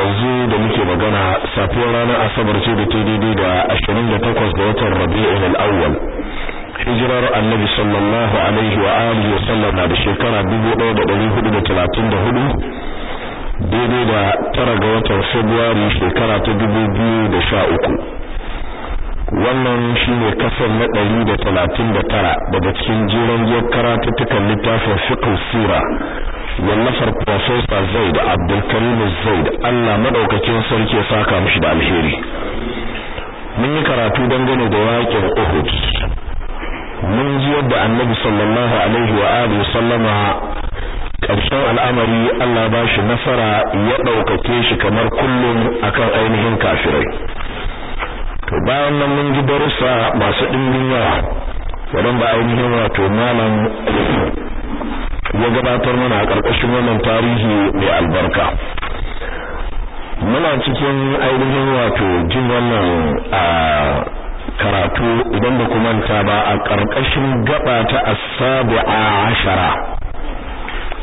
yanzu da muke magana safiyar ranar asabar ce da ta daidai da ashirin da takwas da watan rabi'ul al hijirar annabi sallallahu alaihi wa alihi wa na da shekara dubu ɗaya da ɗari hudu da talatin da hudu daidai da tara ga watan februari shekara ta dubu biyu da sha uku wannan shine kasar na ɗari da talatin da tara daga cikin jiran ta karatuttukan littafin fiqh sura wallafar professor Zaid Abdulkarim Zaid Allah madaukakin sarki ya saka mishi da alheri mun yi karatu dangane da yakin Uhud mun ji yadda Annabi sallallahu alaihi wa alihi sallama karshen al'amari Allah ba shi nasara ya daukake shi kamar kullum akan ainihin kafirai to bayan nan mun ji darussa masu dimbin yawa waɗanda ainihin wato malam ya gabatar mana a ƙarƙashin wannan tarihi mai albarka muna cikin ainihin wato jin wannan a karatu idan ba manta ba a ƙarƙashin gaba ta a ashara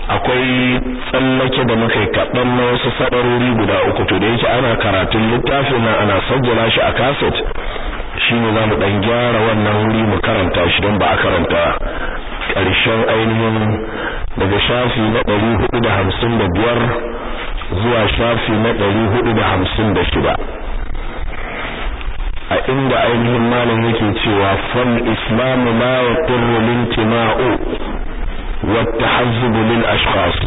akwai tsallake da muka kaɗan na wasu sadarori guda uku to da yake ana karatun littafin nan ana sajjala shi a kaset shine zamu dan gyara wannan wuri mu karanta shi don ba a karanta karshen ainihin daga shafi na ɗari hudu da hamsin da biyar zuwa shafi na ɗari hudu da hamsin da shida a inda ainihin malam yake cewa fal islamu ma yaqurru lintima'u wa tahazzub lil ashkhas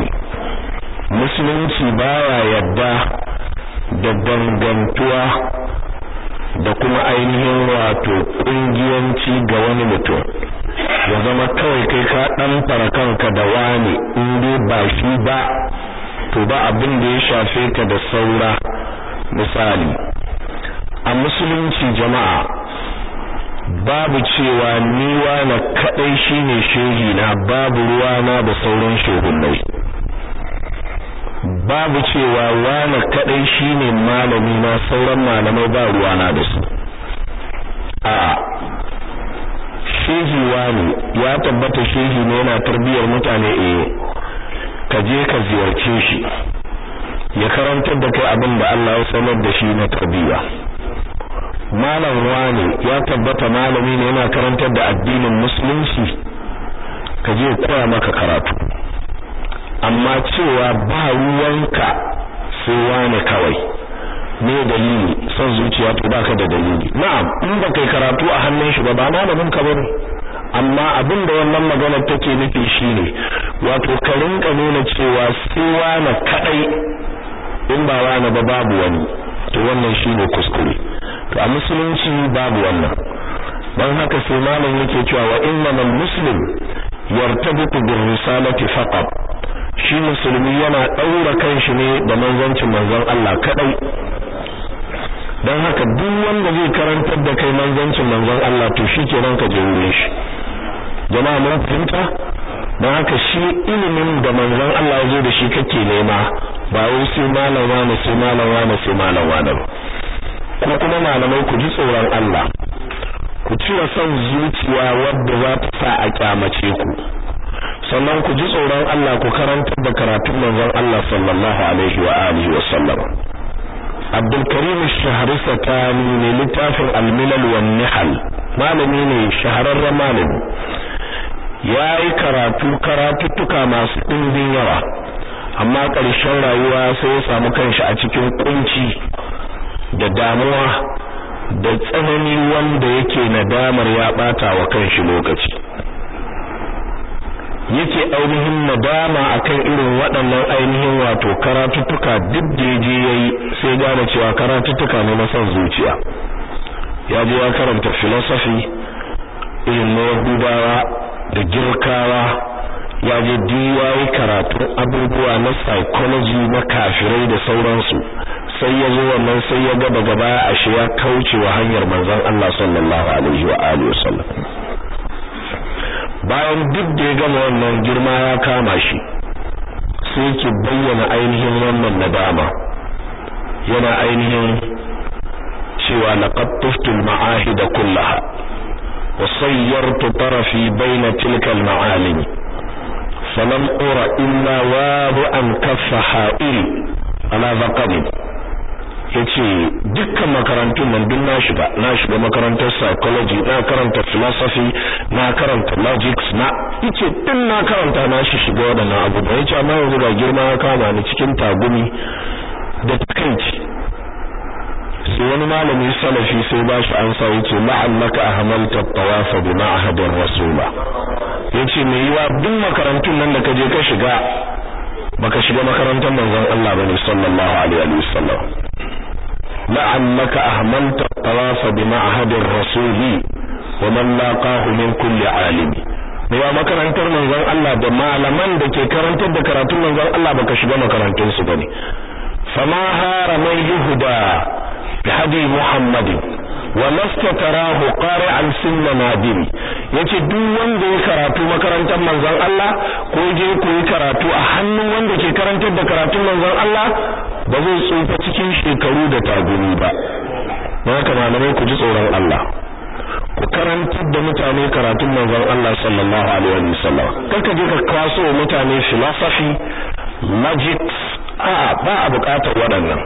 musulunci baya yadda da dangantuwa da kuma ainihin wato kungiyanci ga wani mutum ya zama kawai kai ka dan fara kanka da wani in ba shi ba to ba abin da ya shafe ka da saura misali a musulunci jama'a babu cewa ni wani kadai shine shehi na babu ruwa na da sauran shehunnai babu cewa wani kadai shine malami na sauran malamai ba na da su a shehi wani ya tabbata shehi ne yana tarbiyar mutane eh ka je ka ziyarce shi ya karantar da kai abin da Allah ya sanar da shi na tarbiyya malam wani ya tabbata malami ne yana karantar da addinin musulunci ka je koya maka karatu amma cewa ba ruwanka sai wane kawai me dalili son zuciya to baka da dalili na'am in ba kai karatu a hannun shi ba ba malamin ka bane amma abin da wannan magana take nufi shine wato ka rinka nuna cewa sai wane kadai in ba wane ba babu wani to wannan shine kuskure to a musulunci babu wannan dan haka sai malamin yake cewa wa innamal muslim yartabitu bir risalati faqat shi musulmi yana daura kanshi ne da manzancin manzon Allah kadai dan haka duk wanda zai karantar da kai manzancin manzon Allah to shikenan ka je wurin shi jama'a mun fahimta dan haka shi ilimin da manzon Allah ya zo da shi kake nema ba wai sai malama ne sai malama ne sai malama ne ko kuma malamai ku ji tsoron Allah ku cire son zuciya wadda za ta sa a kyamace ku sannan ku ji tsoron Allah ku karanta da karatun manzon Allah sallallahu alaihi wa alihi wa sallam Abdul Karim satani ne littafin Al-Milal wa Nihal malami ne shahararren malami yayi karatu karatuttuka masu ɗimbin yawa amma ƙarshen rayuwa sai ya samu kanshi a cikin kunci da damuwa da tsanani wanda yake nadamar ya ɓata wa kanshi lokaci yake ainihin nadama akan irin waɗannan ainihin wato karatuttuka duk da yaje yayi sai gane cewa karatuttuka ne na son zuciya ya je ya karanta philosophy irin na Yahudawa da Girkawa ya je ya karatun abubuwa na psychology na kafirai da sauransu sai ya zo wannan sai ya gaba gaba a shi ya kauce wa hanyar manzon Allah sallallahu alaihi wa alihi wasallam bayan duk da ya gama wannan girma ya kama shi sai ki bayyana ainihin wannan nadama yana ainihin cewa laqad da ma'ahida kullaha wa sayyartu tarafi bayna tilka al-ma'alim falam ura illa wa an kaffa ha'il ala zaqabi Ya ce dukkan makarantun nan duk na shiga na shiga makarantar psychology na karanta philosophy na karanta logics na yace din na karanta na shi shiga wadannan abubuwa yace amma yanzu ga girma ya kama ni cikin tagumi da takaici sai wani malami salafi sai ba shi ansa yace la'allaka ahmalta tawafa bi ma'hadir rasula yace me yiwa duk makarantun nan da kaje ka shiga baka shiga makarantar manzon Allah bane sallallahu alaihi wasallam la'allaka ahmalta tawafa bi ma'hadir rasuli wa man laqahu min kulli makarantar manzon Allah da malaman da ke karantar da karatun manzon Allah baka shiga makarantunsu su bane fama hara mai yuhuda bi hadi muhammadin wa lasta tarahu qari'an sunna nadim yace duk wanda ya karatu makarantar manzon Allah ko je ku yi karatu a hannun wanda ke karantar da karatun manzon Allah ba zai tsufa cikin shekaru da tagumi ba don ka malamai ku ji tsoron Allah ku karantar da mutane karatun manzon Allah sallallahu alaihi wasallam kar ka je ka kwaso mutane philosophy magic a'a ba a bukatar waɗannan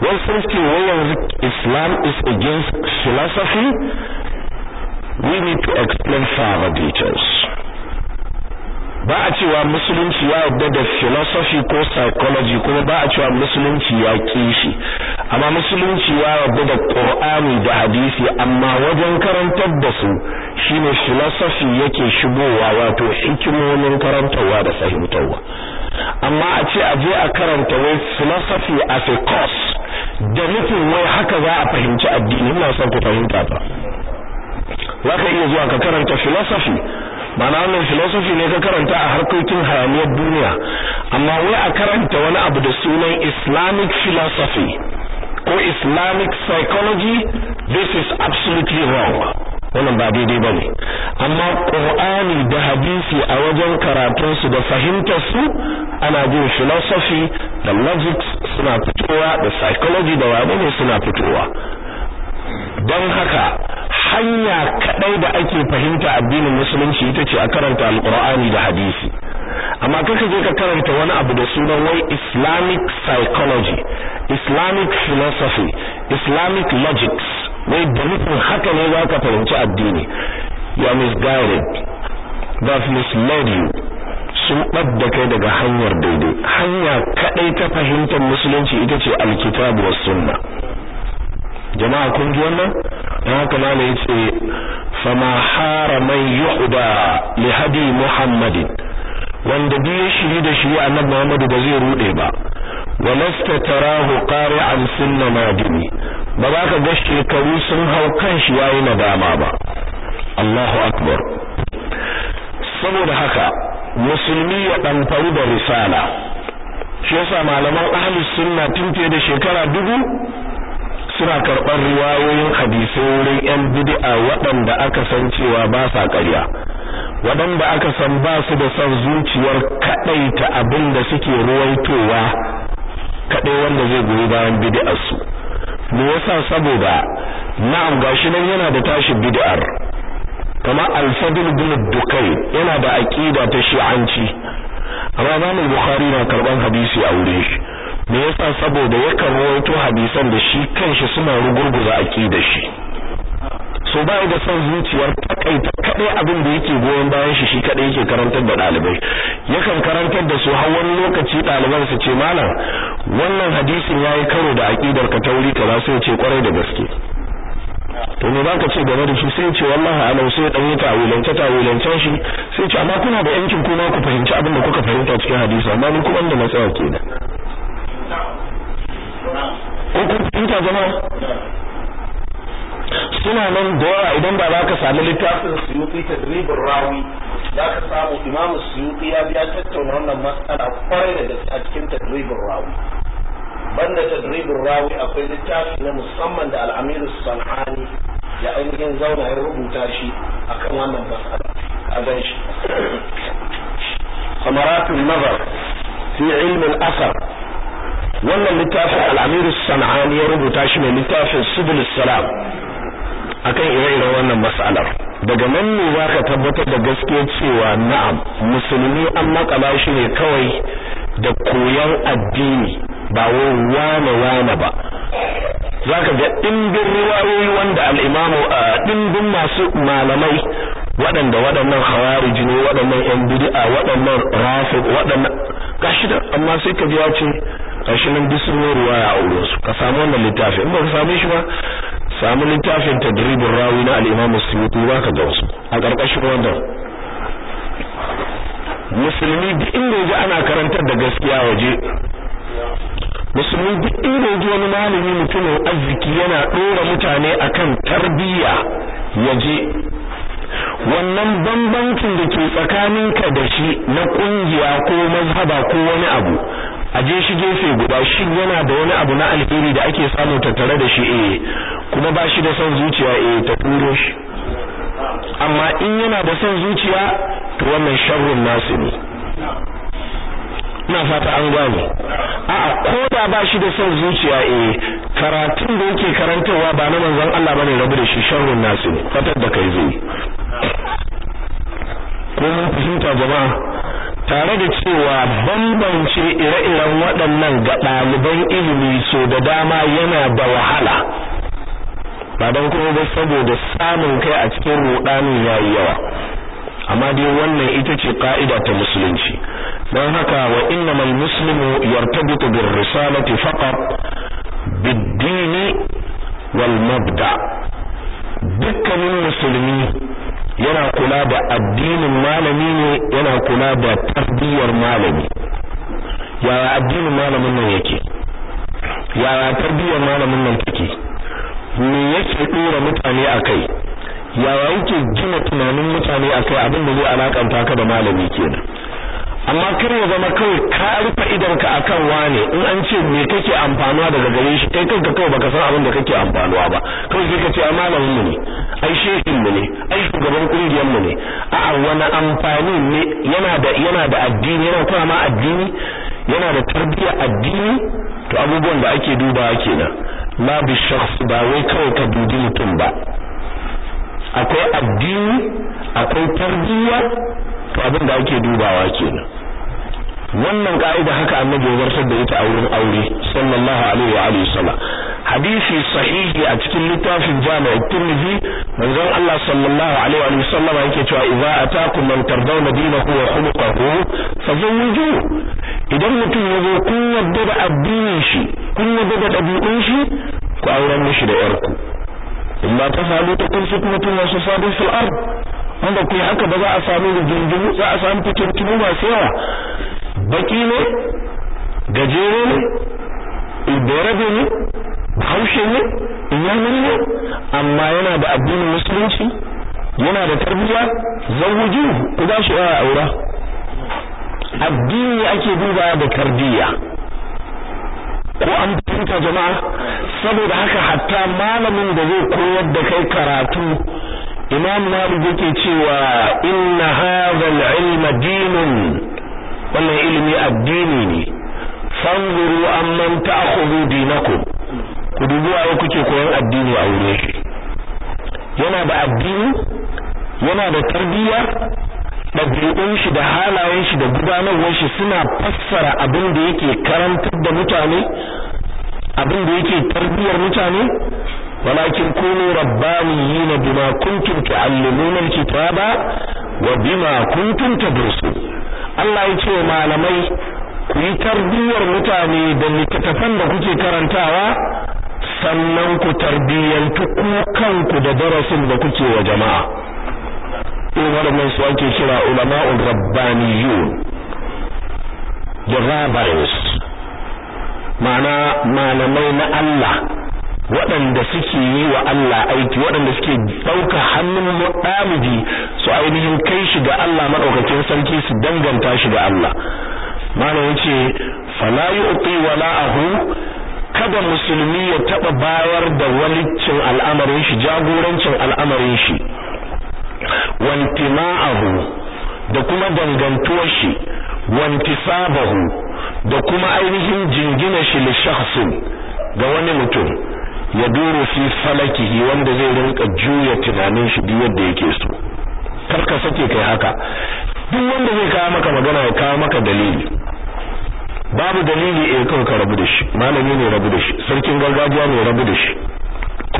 when sun ce wai yanzu islam is against philosophy we need to explain further details ba a cewa musulunci ya yarda da philosophy ko psychology kuma ba a cewa musulunci ya kishi amma musulunci ya yarda da qur'ani da hadisi amma wajen karantar da su shine philosophy yake shigowa wato hikimomin karantarwa da fahimtarwa amma a ce a je a karanta wai philosophy as a course da nufin wai haka za a fahimci addini ina son ku fahimta ta za ka iya zuwa ka karanta philosophy mana wannan philosophy ne ka karanta a harkokin hayaniyar duniya amma wai a karanta wani abu da sunan islamic philosophy ko islamic psychology this is absolutely wrong wannan ba daidai ba ne amma qur'ani da hadisi a wajen karatun su da fahimtar su ana jin philosophy da logic suna fitowa da psychology da ne suna fitowa don haka hanya kadai da ake fahimta addinin musulunci ita ce a karanta alqur'ani da hadisi amma kaka je ka karanta wani abu da sunan wai islamic psychology islamic philosophy islamic logics wai da nufin haka ne za ka fahimci addini ya misguided that misled you sun ɓadda kai daga hanyar daidai hanya kaɗai ta fahimtar musulunci ita ce alkitabu wa sunna jama'a kun ji wannan don haka na ya ce fama hara mai yuhda li hadi muhammadin wanda biyu shiri da shiri annabi muhammadu ba zai rude ba wa lasta tarahu qari'an sunna madini ba za ka ga shekaru sun hau kan shi yayi nadama ba Allahu akbar saboda haka musulmi ya ɗanfaru da risala shi yasa malaman ahli sunna tun fiye da shekara dubu suna karɓar riwayoyin hadisai wurin 'yan bid'a waɗanda aka san cewa ba sa ƙarya waɗanda aka san ba su da son zuciyar kaɗaita abin suke ruwaitowa kaɗai wanda zai goyi bayan bid'ar su me yasa saboda na'am gashi nan yana da tashi bid'ar kama al-fadl bin dukai yana da aqida ta shi'anci amma zamu bukhari na karban hadisi a wurin shi me yasa saboda yakan rawaito hadisan da shi kanshi suna rugurguza aqidar shi to ba da son zuciyar takaita kadai abin da yake goyon bayan shi shi kadai yake karantar da dalibai yakan karantar da su har wani lokaci daliban su ce malam wannan hadisin yayi karo da aqidar ka ta wuri ce kwarai da gaske to me zaka ce game da shi sai ce wallahi alau sai dan yi tawilance tawilance shi sai ce amma kuna da yankin kuma ku fahimci abin da kuka fahimta cikin hadisi amma ni kuma da matsaya kenan ko kun fahimta jama'a suna nan da idan ba za ka sami littafin ta dribin rawi za ka samu imamu suyuki ya biya tattauna wannan matsala kwarai da gaske a cikin dribin rawi banda tadribin rawi akwai littafi na musamman da al'amiru sanani ya ainihin zauna ya rubuta shi a kan wannan matsala a gan shi samaratun nazar fi ilmin asar wannan littafin al'amiru sanani ya rubuta shi mai littafin sibil salam akan ire-iren wannan mas'alar daga nan ne za ka tabbatar da gaskiya cewa na'am musulmi an makala shi ne kawai da koyon addini ba wai wane wane ba za ka ga ɗimbin riwayoyi wanda al'imamu a ɗimbin masu malamai waɗanda waɗannan hawari jini waɗannan yan a waɗannan rafi waɗannan gashi da amma sai ka ji ya ce gashi nan duk sun ruwaya a wurinsu ka samu wannan littafi in ba ka same shi ba samu littafin tadribin rawi na al-imam suyuti ba ka ga a ƙarƙashin wannan musulmi duk inda yaji ana karantar da gaskiya waje musulmi duk inda yaji wani malami mutumin arziki yana ɗora mutane akan tarbiyya yaje. wannan bambancin da ke tsakaninka da shi na kungiya ko mazhaba ko wani abu a je shi gefe guda shin yana da wani abu na alheri da ake samu tattare da shi eh kuma ba shi da son zuciya eh ta turo shi amma in yana da son zuciya to wannan sharrun nasu ne ina fata an gane a'a ko da ba shi da son zuciya eh karatun da yake karantarwa ba na manzon Allah bane rabu da shi sharrun nasu ne fatar da kai zai ko mun fahimta jama'a tare da cewa bambance ire-iren waɗannan ga ɗaliban ilimi so da dama yana da wahala ba don kuma ba saboda samun kai a cikin ya yi yawa amma dai wannan ita ce ƙa'ida ta musulunci don haka wa inna innamal muslimu yartabitu bir risalati faqat bid-dini wal mabda dukkanin musulmi yana kula da addinin malami ne yana kula da tarbiyar malami yaya addinin malamin nan yake yaya tarbiyar malamin nan take me yake dora mutane akai yaya yake gina tunanin mutane akai abin da zai alakanta ka da malami kenan amma kar ya zama kawai ka rufe ka akan wane in an ce me kake amfanuwa daga gare shi kai kanka kawai baka san abin da kake amfanuwa ba kawai sai ka ce malamin mu ne ai shehin mu ne ai shugaban kungiyar mu ne a'a wani amfani ne yana da yana da addini yana kuma ma addini yana da tarbiyyar addini to abubuwan da ake dubawa kenan ma bi shakhs ba wai kawai ka dubi mutum ba akwai addini akwai tarbiyya to abin da ake dubawa kenan wannan ka'ida haka annabi ya zartar da ita a wurin aure sallallahu alaihi wa alihi sala hadisi sahihi a cikin littafin jami'u tirmidhi manzon Allah sallallahu alaihi wa sallam yake cewa idza ataakum man tardawna dinahu wa khuluquhu fazawwiju idan mutum ya zo kun yadda da addinin shi kun yadda da dabi'un shi ku auren mishi da yarku illa ta takun fitnatun wasu fasadun fil ard wanda kuma haka ba za a samu rigingimu za a samu fitintunu masu yawa baki ne gajere ne ibarabe ne haushe ne iyamuri ne amma yana da addinin musulunci yana da tarbiyya zawuju ku ba shi yawa aura addini ake duba da tarbiyya ko an fahimta jama'a saboda haka hatta malamin da zai koyar da kai karatu imam malik yake cewa inna hadha al-ilma dinun wannan ilimi addini ne fanzuru amman ta'khudhu dinakum ku dubi wa kuke koyon addini a wurin shi yana da addini yana da tarbiyya ɗabi'un shi da halayen shi da gudanarwar shi suna fassara abin da yake karantar da mutane abin da yake tarbiyyar mutane walakin kunu na bima kuntum tuallimuna alkitaba wa bima kuntum tadrusun Allah ya ce malamai ku yi tarbiyyar mutane da littattafan da kuke karantawa sannan ku tarbiyyantu ku kanku da darasin da kuke wa jama'a irin waɗannan su ake kira ulama'un rabbaniyun the rabbis ma'ana malamai na Allah waɗanda suke yi wa Allah aiki waɗanda suke ɗauka hannun mu'amidi su ainihin kai shi ga Allah maɗaukacin sarki su danganta shi ga Allah malam yace fala yu'ti ahu? kada musulmi ya taɓa bayar da walicin al'amarin shi jagorancin al'amarin shi wantima'ahu da kuma dangantuwar shi wantisabahu da kuma ainihin jingina shi li shakhsin ga wani mutum ya duru fi falakihi wanda zai rinka juya tunanin shi duk yadda yake so kar ka sake kai haka duk wanda zai kawo maka magana ya kawo maka dalili babu dalili eh kan ka rabu da shi malami ne rabu da shi sarkin gargajiya ne rabu da shi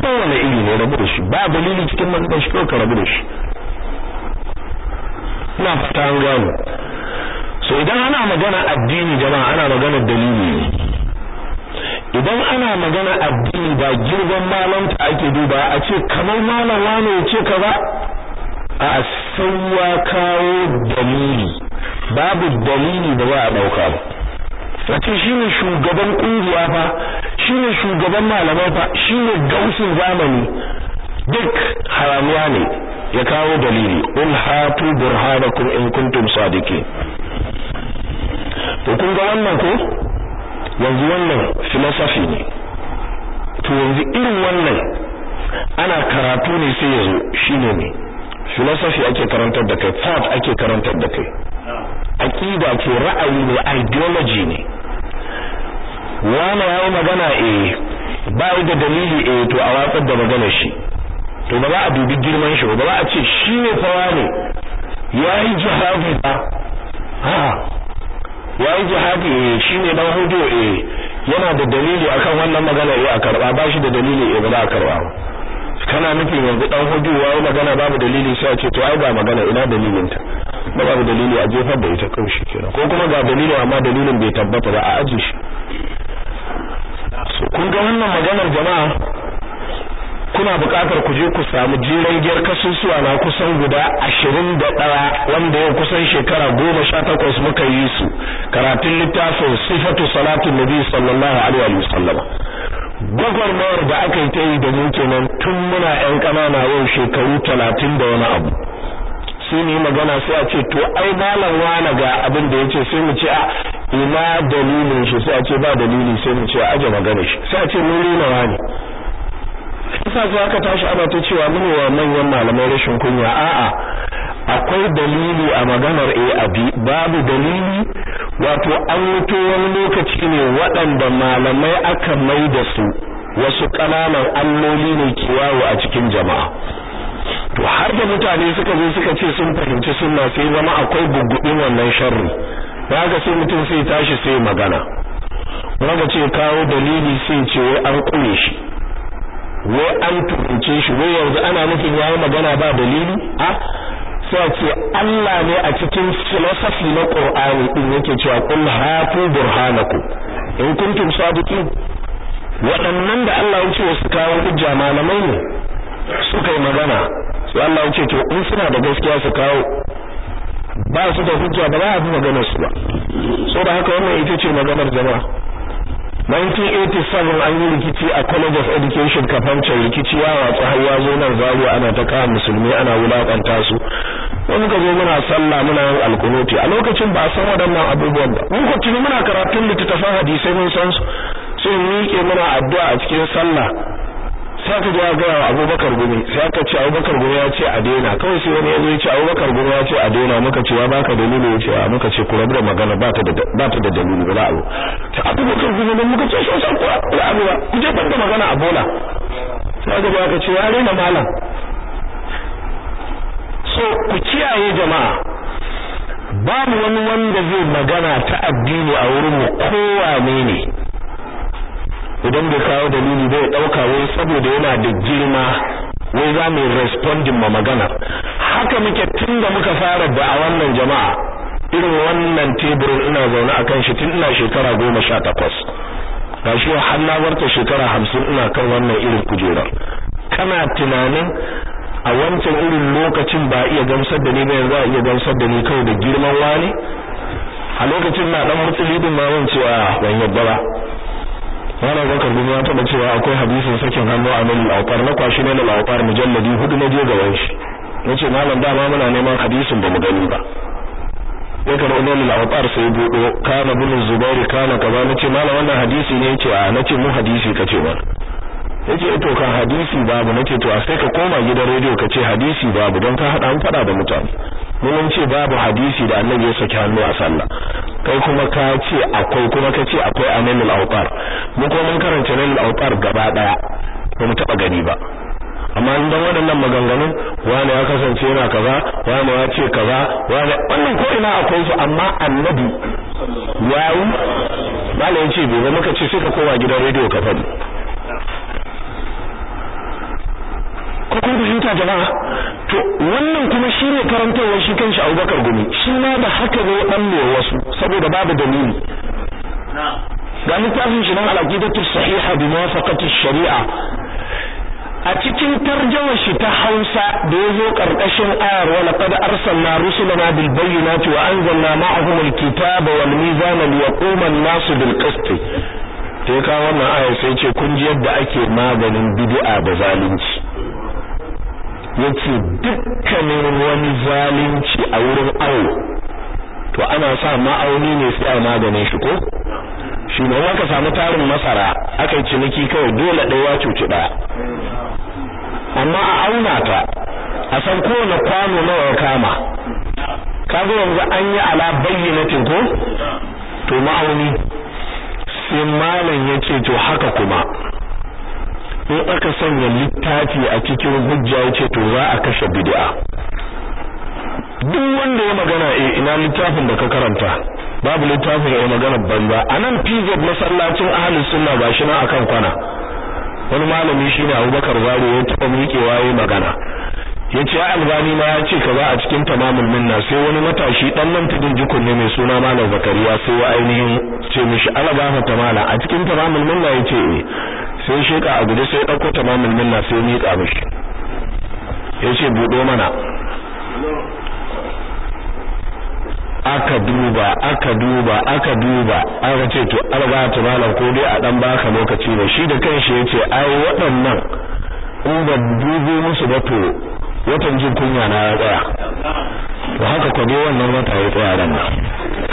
kowane iri ne rabu da shi ba dalili cikin manzon shi kan ka rabu da shi ina fata an gano so idan ana magana addini jama'a ana magana dalili ne idan ana magana addini ba girban malanta ake duba a ce kamar malama ne ya ce kaza a sauwa kawo dalili babu dalili da ba a dauka ba a ce shine shugaban kungiya fa shine shugaban malama fa shine gausin zamani duk haramuwa ne ya kawo dalili ul hatu burhanakum in kuntum sadiqin to kun ga wannan ko yanzu wannan filosofi ne to yanzu irin wannan ana karatu ne sai ya zo shine ne filosofi ake karantar da kai thought ake karantar da kai aqida ce ra'ayi ne ideology ne wani yi magana eh ba da dalili e to a watsar da magana shi to ba za a dubi girman shi ba za a ce shi ne fara ne yi jihadi ba ha yayi jihadi eh, shine dan hudu eh yana da dalili akan wannan magana eh a karba ba shi da dalili eh ba za a karba ba kana nufin yanzu dan hudu yayi magana babu dalili sai a ce to ai ga magana ina dalilin ta ba babu dalili a jefar da ita kaushi kenan ko kuma ga dalili amma dalilin bai tabbata ba a aji shi kun ga wannan maganar jama'a kuna buƙatar ku je ku samu jiran giyar kasusuwa na kusan guda ashirin da ɗaya wanda yau kusan shekara goma sha takwas muka yi su karatun littafin sifatu Salatu, nabi sallallahu alaihi wa sallama mawar da aka yi ta yi da muke nan tun muna yan ƙanana yau shekaru talatin da wani abu sai ne magana sai a ce to ai malam wani ga abin da ya ce sai mu ce a ina dalilin shi sai a ce ba dalili sai mu ce a aje magana shi sai a ce mun rena wani yasa sai aka tashi ana ta cewa mun wa manyan malamai rashin kunya a'a akwai dalili a maganar A a B babu dalili wato an wuto wani lokaci ne waɗanda malamai aka mai da su wasu ƙananan alloli ne kiwawo a cikin jama'a to har da mutane suka zo suka ce sun fahimci sunna sai zama akwai gugguɗin wannan sharri ga sai mutum sai tashi sai magana wanda ce kawo dalili sai ce wai an kure shi wai an tuhunce shi wai yanzu ana nufin yi magana ba dalili a sai ce Allah ne a cikin filosofi na Qur'ani din yake cewa kul hatu burhanakum in kuntum sadiqin waɗannan da Allah ya ce su kawo hujja malamai ne suka yi magana sai Allah ya ce to in suna da gaskiya su kawo ba su da hujja ba za a bi maganar su ba saboda haka wannan ita ce maganar jama'a 1987 an yi rikici a college of education kafancan rikici ya watsu har ya zo nan zaru ana ta kawo musulmi ana wulakanta su wani muka zo muna sallah muna yin alkunoti a lokacin ba a san waɗannan abubuwan ba mun kwacini muna karatun littattafan hadisai mun san su sai miƙe muna addu'a a cikin sallah sai ya gaya wa abubakar gumi sai aka ce abubakar gumi ya ce a daina kawai sai wani ya zo ya ce abubakar gumi ya ce a daina muka ce ya baka dalili ya ce a muka ce kura da magana ba ta da ba ta da dalili ba za a ta abubakar gumi ne muka ce sosai kura ku ba abu ba ku je ban da magana a bola sai aka je aka ce ya daina malam so ku kiyaye jama'a Ba mu wani wanda zai magana ta addini a wurin mu kowa ne ne idan bai kawo dalili bai ɗauka wai saboda yana da girma wai za mu respondin ma magana haka muke tunda muka fara da a wannan jama'a irin wannan teburin ina zaune akan shi tun ina shekara goma sha takwas kashe har na warta shekara hamsin ina kan wannan irin kujerar kana tunanin a wancan irin lokacin ba iya gamsar da ni ba yanzu a iya gamsar da ni kawai da girman wani a lokacin na dan mutsi lidin ma cewa ah, ban yabba ba wani abokan bin ya taɓa cewa akwai hadisin sakin hannu a nan laukar na kwashi na al'aukar mujalladi hudu na je gaban shi na ce malam dama muna neman hadisin ba mu gani ba ya karɓi nan laukar sai buɗo kana bin zubairu kana kaza na ce malam wannan hadisi ne ya ce a na ce mu hadisi ka ce ba yace eh, to kan hadisi babu nace to a sai ka koma gidan rediyo ka ce hadisi babu don ka haɗa an faɗa da mutane mun ce babu hadisi da annabi ya saki hannu a sallah kai kuma ka ce akwai kuma ka ce akwai anil awqar mun kuma mun karanta anil awqar gaba daya ba mu taba gani ba amma in dan waɗannan maganganun wani ya kasance yana kaza wani ya ce kaza wani wannan ko ina akwai su amma annabi yayi malamin ce bai zama muka ce sai ka koma gidan rediyo ka faɗi ko kun fahimta jama'a to wannan kuma shi ne shi kanshi Abubakar gumi shi ma da haka ne dan wasu saboda babu dalili ga littafin shi nan al-aqidatu sahiha bi muwafaqati sharia a cikin tarjamar shi ta Hausa da yazo karkashin ayar wa laqad arsalna rusulana bil bayyinati wa anzalna ma'ahum al-kitaba wal mizana liyaquma an-nasu bil qist sai ka wannan ayar sai ce kun ji yadda ake maganin bid'a da zalunci yace dukkanin wani zalunci a wurin awo to ana sa ma'auni ne sai a maganin shi ko shi ne wanda samu tarin masara akai ciniki kawai dole ɗaya cuci ɗaya amma a auna ta a san na kwano nawa ya kama kaga yanzu an yi ala bayyinatin ko to ma'auni sai malam yace to haka kuma ko aka sanya littafi a cikin hujja yace to za a kashe bid'a duk wanda ya magana eh ina littafin da ka karanta babu littafin ya magana banza anan da masallacin ahlus sunna ba shi akan kwana wani malami shine Abubakar Zari ya taba miƙewa waye magana ya ce albani ma ya ce kaza a cikin tamamul minna sai wani matashi dan nan tudun jikun ne mai suna malam zakariya sai ya ainihin ce mishi alaba ta mala a cikin tamamul minna ya ce eh. sai sheka a guje sai dauko tamamul minna sai miƙa mishi ya ce budo mana aka duba aka duba aka duba aka ce to alga ta mala ko dai a dan baka lokaci ne shi da kanshi ya ce ai waɗannan in ba dubo musu ba to watan jin kunya na ya tsaya da haka ko ne wannan wata ya tsaya nan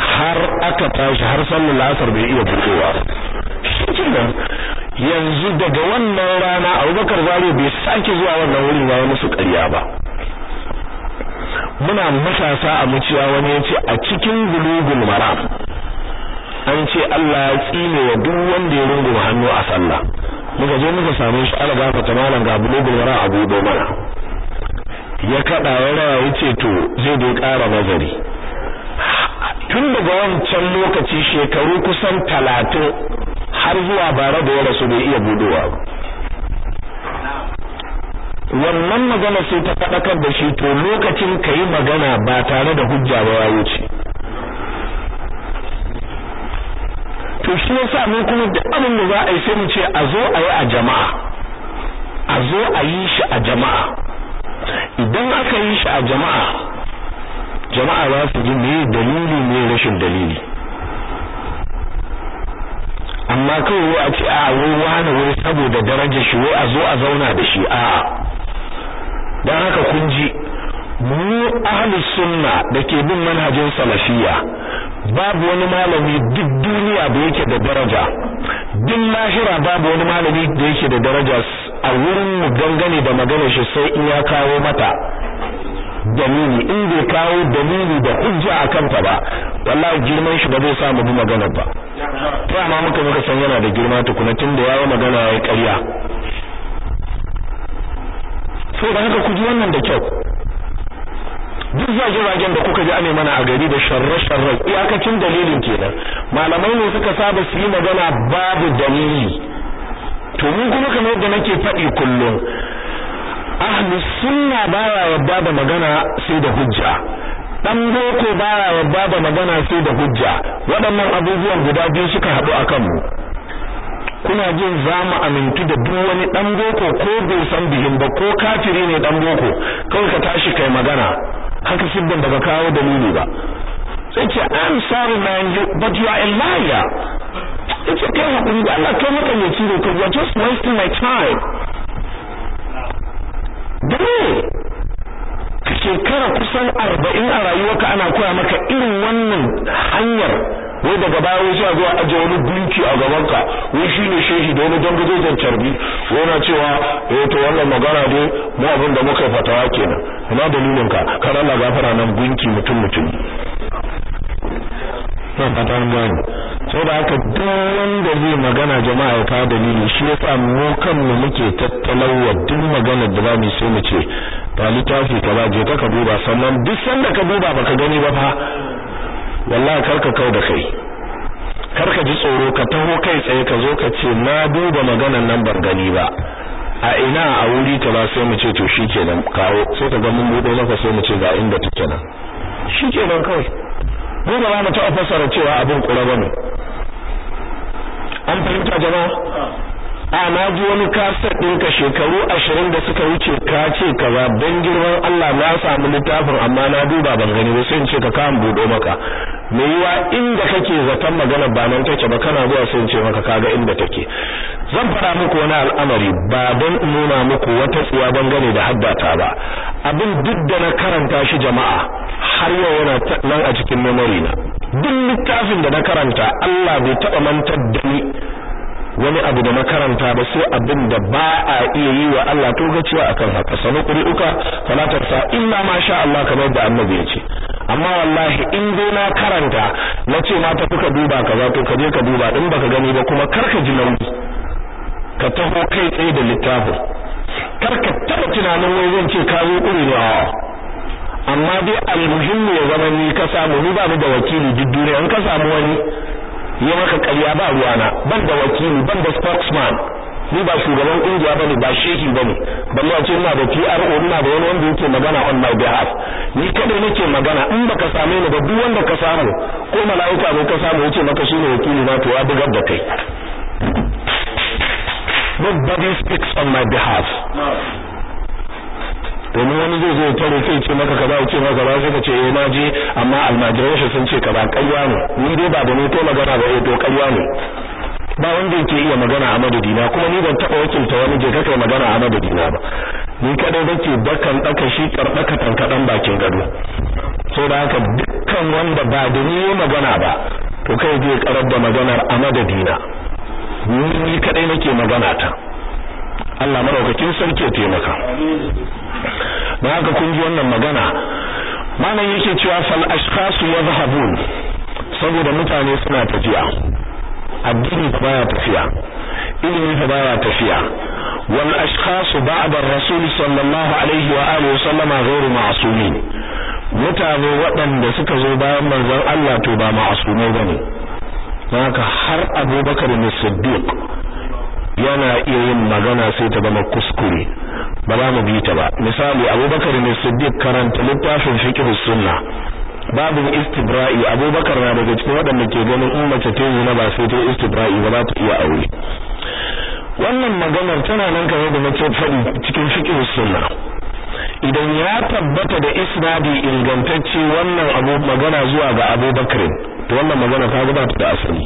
har aka tashi har sallar asar bai iya fitowa yanzu daga wannan rana a Abubakar zari bai sake zuwa wannan wuri wurin ya musu karya ba muna matasa a muciya wani ya ce a cikin gulugul maram an ce Allah ya tsine wa duk wanda ya rungu hannu a sallah muka je muka same shi alaga ka tamalan ga gulugul maram abu do mana ya kada rawa yace to zai je ƙara nazari tun daga wancan lokaci shekaru kusan 30 har zuwa bara da ya rasu bai iya budowa wannan magana sai ta fadakar da shi to lokacin kai magana ba tare da hujja ba ya ce to shi yasa mu kuma da abin da za a yi sai mu ce a zo a yi a jama'a a zo a yi shi a jama'a idan aka yi shi a jama'a jama'a za su ji me dalili ne rashin dalili amma kawai a ce a wai wani wai saboda daraja shi wai a zo a zauna da shi a dan haka kun ji mu ahli sunna da ke bin manhajin salafiya babu wani malami duk duniya da yake da daraja duk lahira babu wani malami da yake da daraja a wurin mu dangane da magana shi sai in ya kawo mata dalili in bai kawo dalili da hujja a kanta ba wallahi girman shi ba zai sa mu bi magana ba to amma muka muka san yana da girma tukuna tun da yayi magana ya ƙarya so da haka ku ji wannan da kyau duk zage-zagen da kuka ji ane mana a gari da sharre-sharre iyakacin dalilin kenan malamai ne suka saba su yi magana babu dalili to mun kuma kamar yadda nake faɗi kullum ahli sunna baya yadda da magana sai da hujja dan boko baya yadda da magana sai da hujja waɗannan abubuwan guda biyu suka haɗu akan mu kuna jin za mu amintu da duk wani dan boko ko bai san bihin ba ko kafiri ne dan boko kawai ka tashi kai magana haka siddan daga kawo dalili ba sai ce i'm sorry man you, but you are a liar yace kai I'm not Allah kai maka ne cire because you're just wasting my time dole shekara kusan arba'in a rayuwarka ana koya maka irin wannan hanyar wai daga baya wai sai zuwa aje wani dinki a gabanka wai ne shehi da wani zan carbi wai na cewa eh to wannan magana dai mu abin da muka fatawa kenan ina dalilin ka kar gafara nan gunki mutum mutum ya fata gani gane saboda haka duk da zai magana jama'a ya kawo dalili shi yasa mu kanmu muke tattalawa duk magana da zamu sai mu ce ba littafi ka ba je ka duba sannan duk sanda ka duba baka gani ba fa wallahi karka kau da kai karka ji tsoro ka taho kai tsaye ka zo ka ce na duba magana nan ban gani ba a ina a wuri ka ba sai mu ce to shikenan kawo sai ka ga mun bude maka sai mu ce ga inda take nan shikenan kawai ko ba mu taɓa fassara cewa abin kura ba an fahimta jama'a a na ji wani kaset ɗinka shekaru ashirin da suka wuce ka ce kaza don girman Allah na samu littafin amma na duba ban gani ba sai in ce ka kan buɗo maka mai yiwa inda kake zaton magana ba nan take ba kana zuwa sai ce maka kaga inda take zan fara muku wani al'amari ba don nuna muku wata tsiya bangare da haddata ba abin duk da na karanta shi jama'a har yau yana nan a cikin memory na duk littafin da na karanta Allah bai taba mantar da ni wani abu da makaranta karanta ba sai abin da ba a iya yi wa Allah to cewa akan haka sanu qur'uka fala tarfa ma sha Allah kamar da annabi ya ce amma wallahi in dai na karanta na ce ma ta ka duba kaza to ka je ka duba din baka gani ba kuma kar ka ji nauyi ka taho kai tsaye da littafi kar ka taba tunanin wai zan ce ka zo kuri ne amma dai al-muhimmi ya zama ni ka samu ni ba ni da wakili duk duniya in ka samu wani ya maka karya ba ruwana ban da wakili ban da spokesman ni ba shugaban kungiya bane ba shehi bane balle a ce ina da PRO ina da wani wanda yake magana on my behalf ni kada nake magana in baka same ni ba duk wanda ka samu ko malaika ne ka samu yace maka shine wakili na to ya bugar da kai nobody speaks on my behalf domin wani zai zo tare sai ce maka kaza ce maka kaza sai ka ce eh na je amma almajiran shi sun ce kaza ƙarya ne ni dai ba da ni to magana ba eh to kaiwa ne ba wanda yake iya magana a madadina kuma ni ban taba wakilta wani je kai magana a madadina ba ni kadai nake dakan daka shi karbaka tankadan bakin gado da haka dukkan wanda ba da ni magana ba to kai je karar da maganar a madadina ni kadai nake magana ta Allah maraukakin sarki ya taimaka don haka kun ji wannan magana malam yake cewa fal ashkhasu yadhhabun saboda mutane suna tafiya addini ba ya tafiya ilimi ta ya tafiya wal ashkhasu ba'da ar-rasul sallallahu alaihi wa alihi wa sallama ghairu ma'sumin mutane waɗanda suka zo bayan manzon Allah to ba ma'sumai bane don haka har Abubakar ne Siddiq yana iya yin magana sai ta zama kuskure ba za mu bi ta ba misali abubakar ne siddiq karanta littafin fiqh sunna babin istibra'i abubakar na daga cikin waɗanda ke ganin in mace ta yi na ba sai ta istibra'i ba za ta iya aure wannan maganar tana nan kamar da mace faɗi cikin fiqh sunna idan ya tabbata da isnadi ingantacce wannan abu magana zuwa ga abubakar to wannan magana ta gaba ta da asali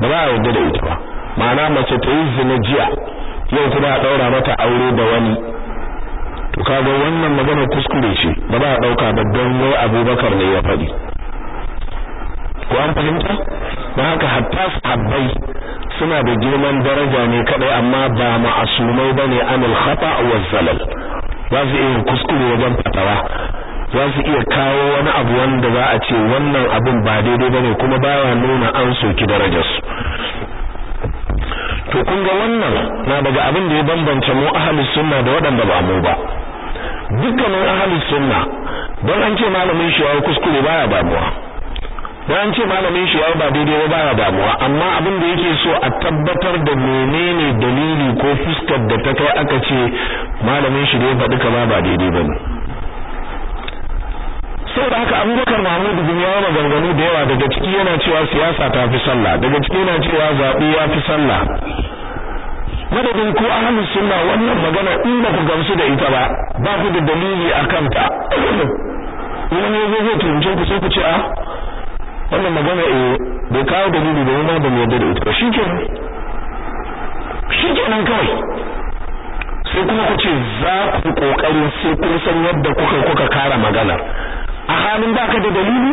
ba za a yarda da ita ba ma'ana mace ta yi zina jiya yau kuma a daura mata aure da wani to kaga wannan magana kuskure ce ba za a dauka babban wai Abubakar ne ya faɗi ko an fahimta don haka hatta sahabbai suna da girman daraja ne kadai amma ba ma'asumai ne anil khata wa zalal za su iya kuskure wajen fatawa za su iya kawo wani abu wanda za a ce wannan abin ba daidai ne kuma baya nuna an soki darajarsu to kun ga wannan na daga abin da ya bambance mu ahlus sunna da waɗanda ba mu ba dukkanin ahlus sunna don an ce malamin shi ya kuskure baya damuwa don an ce malamin shi ya ba daidai ba baya damuwa amma abin da yake so a tabbatar da menene dalili ko fuskar da ta kai aka ce malamin shi da ya faɗi kaza ba daidai bane da haka abubakar mahmud bin ya maganganu da yawa daga ciki yana cewa siyasa ta fi sallah daga ciki yana cewa zaɓe ya fi sallah madadin ko ahlus sunna wannan magana in ba ku gamsu da ita ba ba ku da dalili a kanta wani zo zai tunce ku sai ku ce a ah, wannan magana eh bai kawo dalili da wani mu yadda da ita ba shikenan shikenan kawai sai kuma ku ce za ku kokarin sai kun san yadda kuka kuka kara magana. a halin ka da dalili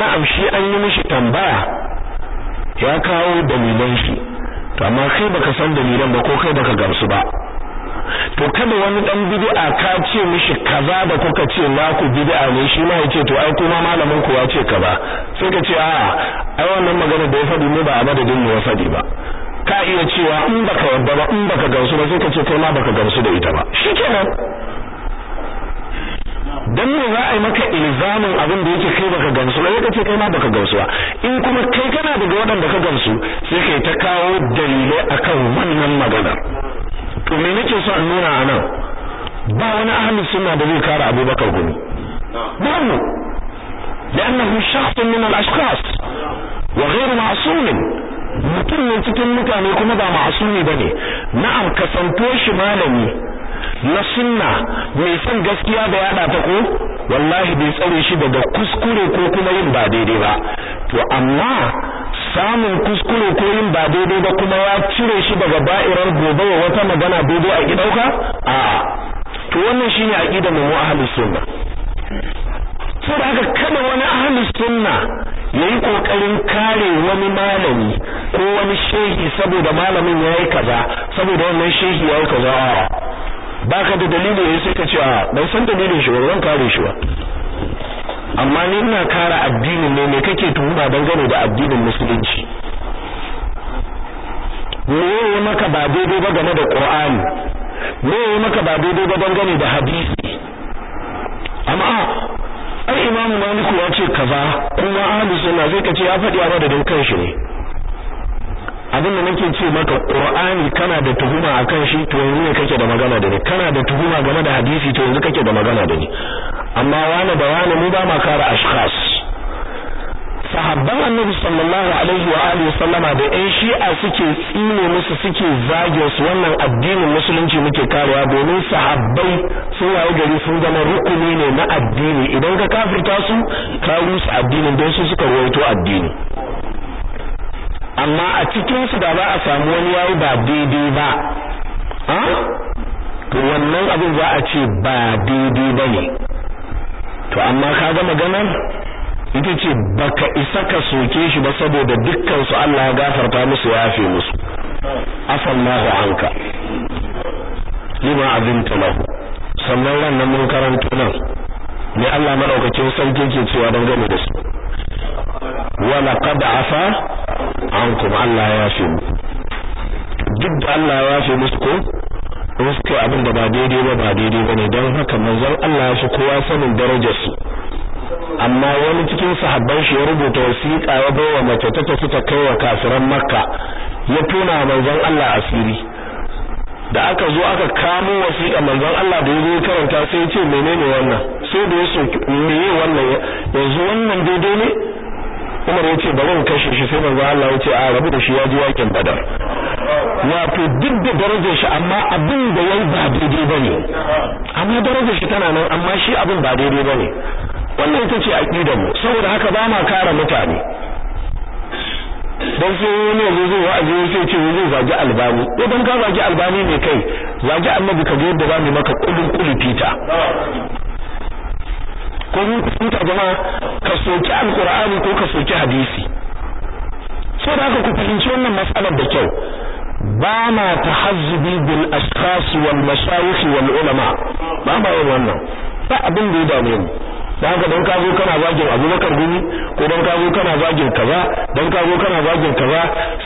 na'am shi an yi mishi tambaya ya kawo dalilan shi to amma kai baka san dalilan ba ko kai baka gamsu ba to kada wani dan bid'a ka ce mishi kaza da kuka ce ku bid'a ne shi ma yace to ai kuma malamin ku ya ce kaza sai ka ce a ai wannan magana da ya faɗi mu ba a madadin mu ya faɗi ba ka iya cewa in baka yarda ba in baka gamsu ba sai ka ce kai ma baka gamsu da ita ba shikenan dan me za a yi maka ilzamin abin da yake kai baka gamsu ba yake kai ma baka gamsu ba in kuma kai kana daga waɗanda ka gamsu sai kai ta kawo dalilai akan wannan magana to me nake so in nuna a nan ba wani ahli sunna da zai kare Abubakar gumi babu لأنه شخص من الأشخاص وغير معصوم mutum ne cikin mutane kuma ba ma'asumi bane na'am kasanto shi malami na sunna mai son gaskiya da yada ta ko wallahi bai tsare shi daga kuskure ko kuma yin ba daidai ba to amma samun kuskure ko yin ba daidai ba kuma ya cire shi daga ba'irar gobe wa wata magana daidai a gidauka a to wannan shine aqidar mu ahli sunna da haka kada wani ahli sunna yayi kokarin kare wani malami ko wani shehi saboda malamin yayi kaza saboda wannan shehi yayi kaza baka da dalili ne sai ka ce a ban san dalilin shi ba ban kare shi ba amma ni ina kare addinin ne me kake tuhuma dangane da addinin musulunci me maka ba daidai ba game da Qur'ani me maka ba daidai ba dangane da hadisi amma ai imamu maliku ya ce kaza kuma ahli sunna zai kace ya faɗi a madadin kanshi ne abin da nake ce maka qur'ani kana da tuhuma akan shi to yanzu ne kake da magana da ni kana da tuhuma game da hadisi to yanzu kake da magana da ni amma wani da wani mu ba ma kare ashkhas sahabban annabi sallallahu alaihi wa alihi sallama da ɗan shi'a suke tsine musu suke zage su wannan addinin musulunci muke karewa domin sahabbai sun wayi gari sun zama rukuni ne na addini idan ka kafirta su ka rusa addinin don su suka ruwaito addini amma a cikin su da ba a samu wani yayi ba daidai ba ha to wannan abin za a ce ba daidai bane to amma ka ga maganar ita ce baka isa ka soke shi ba saboda dukkan su Allah ya gafarta musu ya yafe musu afallahu anka lima azinta lahu sannan ran nan mun karanto nan ne Allah madaukakin sarki ke cewa dangane da su wala asa afa kuma Allah ya yafe mu. duk da Allah ya yafe musu ko suka abin da ba daidai ba ba daidai bane don haka manzon Allah ya fi kowa sanin darajar su amma wani cikin sahabban shi ya rubuta wasiƙa ya wa mace ta tafi ta kai wa kafiran Makka ya tuna manzon Allah asiri da aka zo aka kamo wasiƙa manzon Allah da zo karanta sai ya ce menene wannan sai da ya soki meye wannan yanzu wannan daidai ne Umar ya ce bari in kashe shi sai manzo Allah ya ce a rabu da shi ya ji yakin Badar wato duk da darajar shi amma abin da yayi ba daidai bane amma darajar shi tana nan amma shi abin ba daidai bane wannan ita ce aqidar mu saboda haka ba ma kare mutane dan sai wani yanzu zai wa'azi sai ce zai zagi albani ko dan ka zagi albani ne kai zagi annabi ka ga yadda zamu maka kulun fita. ko mun ta zama ka soki alkur'ani ko ka soki hadisi so da ku fahimci wannan matsalar da kyau ba ma tahazzubi bil ashkhas wal mashayikh wal ulama ba ma wannan ba abin da ya dame mu dan ka dan kago kana zagin Abubakar gumi ko dan kazo kana zagin kaza dan kago kana zagin kaza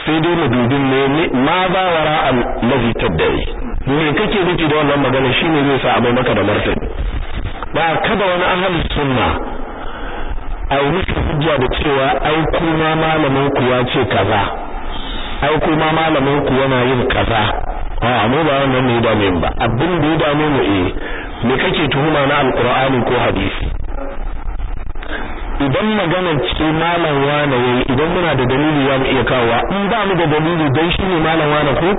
sai dai mu dubi ne ma ba wara allazi tadai me kake nufi da wannan magana shine zai sa abai maka da martani ba kada wani ahli sunna ai miki hujja da cewa ai kuma malamin ku ya ce kaza ai kuma malamin ku yana yin kaza a mu ba wannan ne da mu ba abin da ya dame mu eh me kake tuhuma na alqur'ani ko hadisi idan maganar cikin malam wane yayi idan muna da dalili za mu iya kawo in ba mu da dalili dan shi ne malam wane ko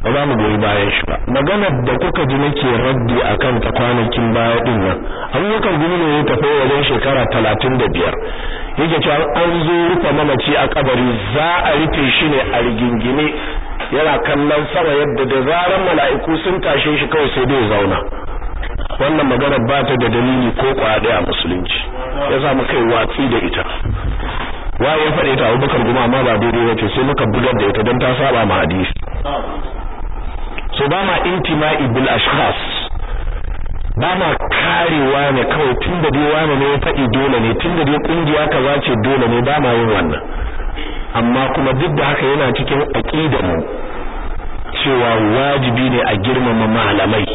ba za mu goyi bayan shi ba maganar da kuka ji nake raddi akan ta kwanakin baya din nan abubakar gumi ne ya tafi wajen shekara talatin da biyar yake cewa an zo rufe mamaci a kabari za a rufe shi ne a rigingine yana kallon sama yadda da zaran mala'iku sun tashe shi kawai sai dai zauna wannan magana ba ta da dalili ko kwaɗe a musulunci ya sa muka watsi da ita Wa ya faɗe ta abubakar guma amma ba daidai ba sai muka bugar da ita don ta saba ma hadisi so ba ma intima ibil ashkhas ba ma karewa ne kawai tun da dai wani ne ya faɗi dole ne tun da dai kungiya kaza ce dole ne ba ma yin wannan amma kuma duk da haka yana cikin aqidar mu cewa wajibi ne a girmama malamai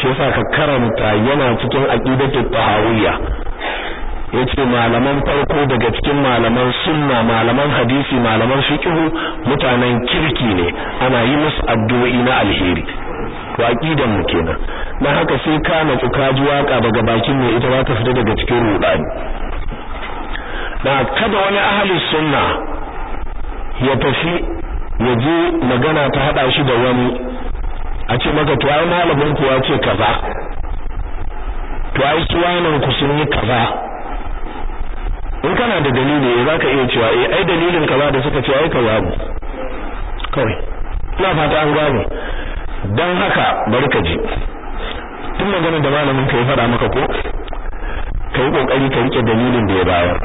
shi yasa ka karanta yana cikin aqidatu tahawiyya yace malaman farko daga cikin malaman sunna malaman hadisi malaman fiqh mutanen kirki ne ana yi musu addu'o'i na alheri to aqidan mu kenan dan haka sai ka na ka ji waka daga bakin ne ita ba ta fita daga cikin rudani da kada wani ahli sunna ya tafi ya je magana ta hada shi da wani a ce maka to ai malamin ku ya ce kaza to ai kiwanan ku sun yi kaza in kana da dalili za ka iya cewa eh ai dalilin kaza da suka ce ai kaza mu. kawai ina fata an gane dan haka bari ka ji tun magana da malamin ka ya fara maka ko kai kokari ka rike dalilin da ya bayar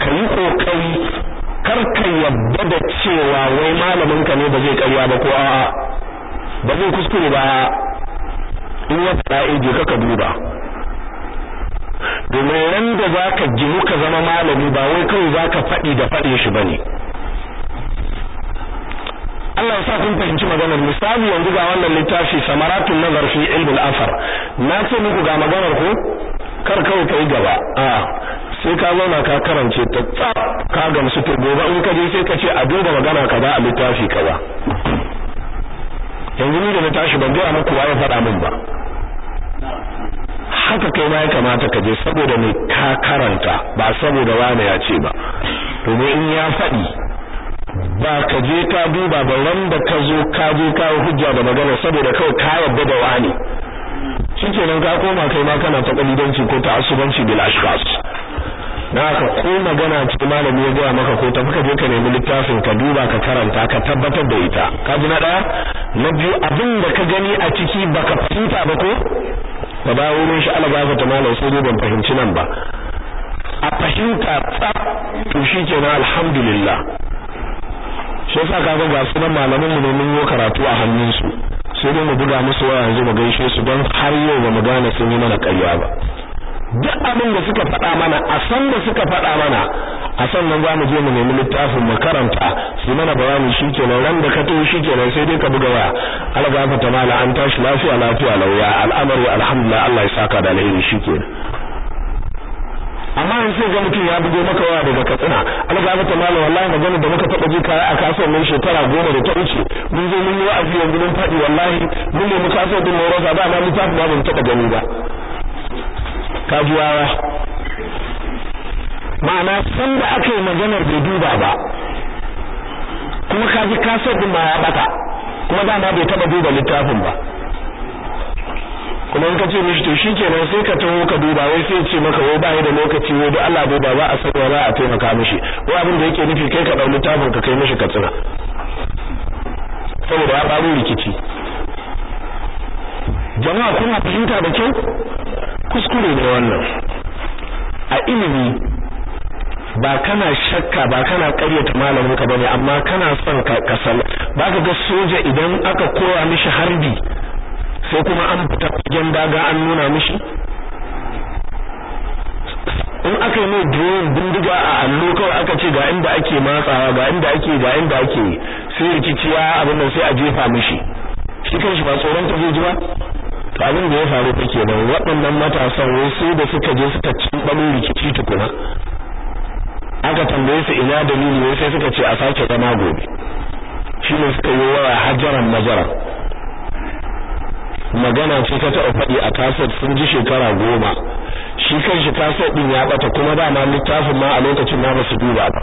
kai kokari kar ka yadda da cewa wai malamin ka ne ba zai karya ba ko a'a ba zai kuskure ba in wata ra'ayi ka duba domin ran za ka jimu ka zama malami ba wai kawai za ka faɗi da faɗin shi ba ne Allah ya sa kun fahimci maganar misali yanzu ga wannan littafi samaratun nazar fi ilmul afar na ce muku ga maganar ku kar kawai kai gaba a sai ka zauna ka karance ta tsaf ka gamsu to gobe in ka je sai ka ce a duba magana kaza a littafi kaza yanzu ni da na tashi ban gaya muku waye faɗa min ba haka kai ma ya kamata ka je saboda mai ka karanta ba saboda wani ya ce ba domin in ya faɗi ba ka je ka duba ba ran da ka zo ka je ka hujja da magana saboda kawai ka yarda da wani nan ka koma kai ma kana ta kalidanci ko ta asubanci bil ashkas na ka ko magana ce malami ya gaya maka ko tafi ka je ka nemi littafin ka duba ka karanta ka tabbatar da ita ka ji na daya na biyu abin da ka gani a ciki baka fahimta ba ko ka dawo wurin shi Allah baka tamala sai dai ban fahimci nan ba a fahimta tsaf to shikenan alhamdulillah shi yasa kaga ga sunan malaman mu ne mun karatu a hannun su sai dai mu buga musu waya yanzu mu gaishe su don har yau ba mu gane sun yi mana ƙarya ba duk abin da suka faɗa mana a san da suka faɗa mana a sannan za mu je mu nemi littafin mu karanta su mana bayani ke ran da ka tafi nan sai dai ka buga waya ya fata mala an tashi lafiya lafiya lauya al'amari alhamdulillah Allah ya saka da alheri shikenan amma in sai ga mutum ya bugo maka waya daga Katsina ya fata mala wallahi magana da muka taba ji kaya a kasuwar mun shekara goma da ta wuce mun zo mun yi wa'azi yanzu mun faɗi wallahi mun nemi kasuwar din Morosa ba na littafin ba mu taba gani ba kajuwawa ma'ana san da aka yi maganar bai duba ba kuma ka ji kasar din ya bata kuma dama bai taba duba littafin ba kuma in ka ce mishi to shi kenan sai ka taho ka duba wai sai ce maka wai ba da lokaci wai da Allah duba ba a za a taimaka mishi wai abin da yake nufi kai ka dau littafin ka kai mishi ka tsira saboda ya baro rikici jama'a kuna fahimta da kyau kuskure ne wannan a ilimi ba kana shakka ba kana ƙaryata malamin ka bane amma kana son ka kasal ba ka ga soja idan aka koya mishi harbi sai kuma an fita fagen daga an nuna mishi in aka yi mai drawing bindiga a allo kawai aka ce ga inda ake matsawa ga inda ake ga inda ake sai rikiciya abin nan sai a jefa mishi shi kanshi ba tsoron ta zai ji ba to abin da ya faru fa kenan waɗannan matasan wasu da suka je suka cin rikici tukuna aka tambaye su ina dalili ne sai suka ce a sake zama gobe shi ne suka yi wa hajaran nazara magana ce ta taɓa faɗi a kaset sun ji shekara goma shi kan shi kaset ɗin ya ɓata kuma da na littafin ma a lokacin ma ba su duba ba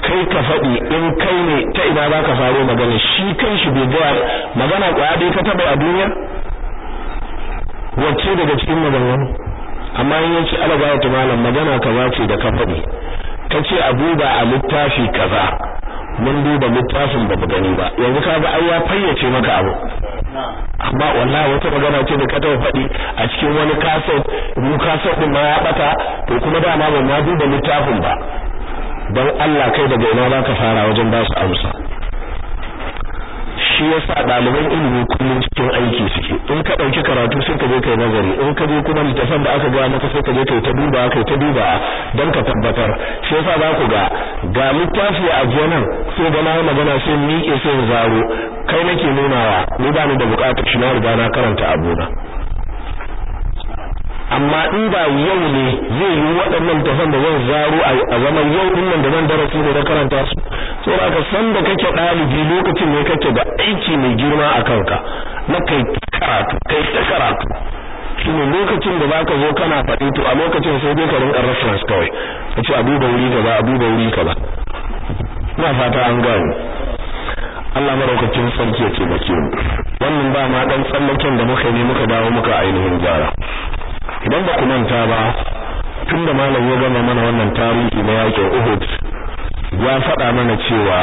kai ka faɗi in kai ne ta ina za ka faro magana shi kan shi bai gaya magana ƙwaya dai ka taɓa a duniya wacce daga cikin maganganu amma in yace alaba ta malam magana kaza ce da kafari kace a duba a littafi kaza mun duba littafin ba gani ba yanzu ka ga ai ya fayyace maka abu amma wallahi wata magana ce da ka taba faɗi a cikin wani kaset mu kaset din ma ya bata to kuma dama ba ma duba littafin ba don Allah kai daga ina za ka fara wajen ba su amsa shi yasa ɗaliban ilimi kullum cikin aiki suke in ka ɗauki karatu sai ka je kai nazari in ka je kuma littafan da aka gaya maka sai ka je kai ta duba kai ta duba don ka tabbatar shi yasa za ku ga ga littafi a ajiye nan sai ga na magana sai miƙe sai zaro kai nake nunawa ni ba ni da buƙatar shi na riga na karanta abuna amma in ba yau ne zai yi waɗannan tafan da zan zaro a zaman yau din nan da zan darasi da karanta su saboda ka san da kake ɗalibi lokacin ne kake da aiki mai girma a kanka na kai karatu kai ta karatu shine lokacin da zaka zo kana faɗi to a lokacin sai dai ka rinka reference kawai ka ce a duba wuri kaza a duba wuri kaza ina fata an gani Allah maraukakin sarki ya ce baki wannan ba ma dan tsallaken da muka yi muka dawo muka ainihin gyara idan ba ku manta ba tunda malam ya gama mana wannan tarihi na yakin Uhud ya faɗa mana cewa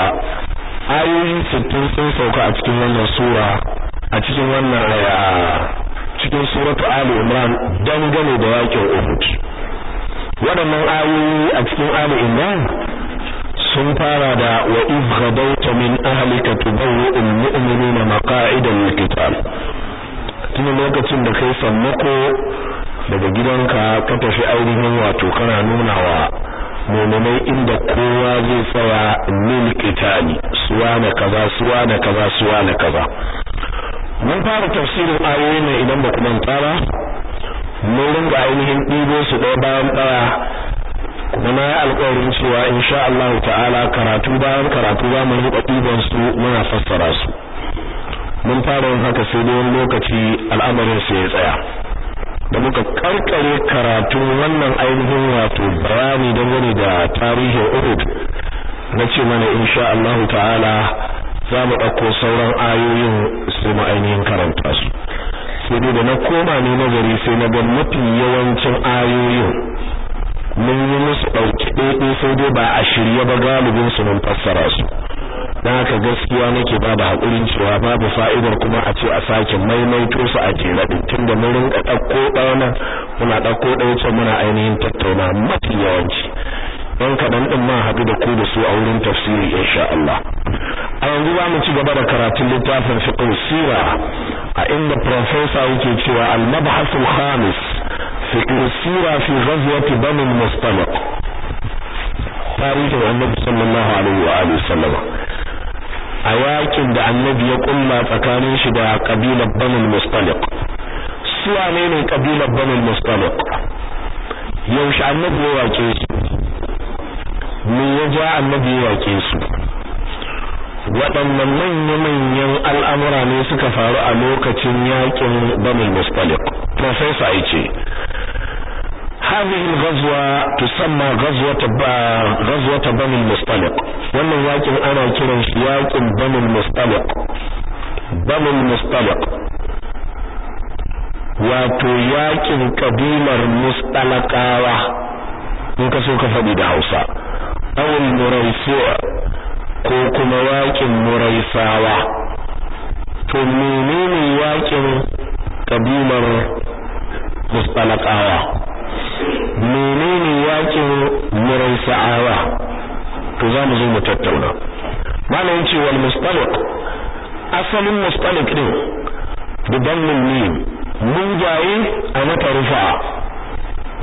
ayoyi tun sun sauka a cikin wannan sura a cikin wannan cikin suratu Ali Imran dangane da yakin Uhud waɗannan ayoyi a cikin Ali Imran sun fara da wa iz ghadawta min ahlika tubawwi'u al-mu'minina maqa'ida lil-qital tun lokacin da kai sammako daga gidanka ka tafi ainihin wato kana nuna wa muminai inda kowa zai tsaya lil suwa na kaza suwa na kaza suwa na kaza mun fara tafsirin ayoyi ne idan ba ku manta ba mun ringa ainihin dibo su ɗaya bayan ɗaya kuma na yi alƙawarin cewa insha Allah ta'ala karatu bayan karatu za mu riƙa ɗiban su muna fassara su mun fara yin haka sai dai wani lokaci al'amarin su ya tsaya da muka karkare karatu wannan ainihin wato bayani dangane da tarihin Uhud na ce mana insha Allah ta'ala za mu ɗauko sauran ayoyin su mu ainihin karanta su sai dai da na koma ne nazari sai na ga mafi yawancin ayoyin mun yi musu ɗauki dai sai dai ba a shirye ba galibin su mun fassara su dan haka gaskiya nake ba da haƙurin cewa babu fa'idar kuma a ce a sake maimaito su a jera ɗin tun da mun rinka dauko ɗaya muna ɗauko ɗaya can muna ainihin tattauna mafi yawanci don kaɗan ɗin ma haɗu da ku da su a wurin tafsiri insha Allah a yanzu za mu ci gaba da karatun littafin fiqh sura a inda professor yake cewa al mabhas al-khamis fiqh sura fi ghazwat bani al-mustalaq tarihin annabi sallallahu alaihi wa alihi sallama a yakin da annabi ya kulla tsakanin shi da kabilar banul mustaliq su wane ne kabilar banul mustaliq yaushe annabi ya wake su me ya ja annabi ya wake su waɗannan manya-manyan al'amura ne suka faru a lokacin yakin banul mustaliq ya ce. هذه الغزوة تسمى غزوة غزوة بني المصطلق wannan yakin ana kiran shi yakin bani mustaliq bani wato yakin kabilar mustalaqawa in ka so ka faɗi da Hausa awul muraisuwa ko kuma yakin muraisawa to menene yakin kabilar mustalaqawa menene yakin murai sa'awa to za mu zo mu tattauna malamin ce wal asalin mustalik din da dangin ne mun a mata rufa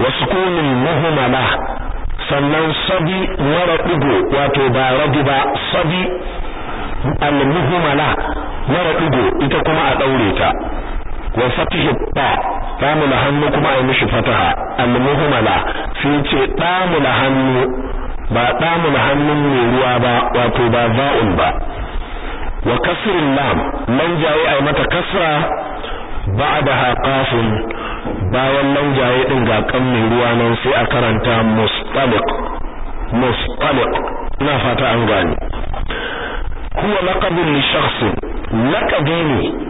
wa sukunin sannan sabi mara digo wato ba rabi ba sabi al muhammala mara ɗigo, ita kuma a daure ta wa fatihi ba damul hannu kuma yi mishi fataha al-muhmala sai ce damul hannu ba hannun mai ruwa ba wato ba za'un ba wa kasrin lam nan jaye yi mata kasra da qafun bayan nan jaye din ga kan mai ruwa nan sai a karanta mustaliq mustaliq ina fata an gane huwa laqabun li shakhsin laqabi ne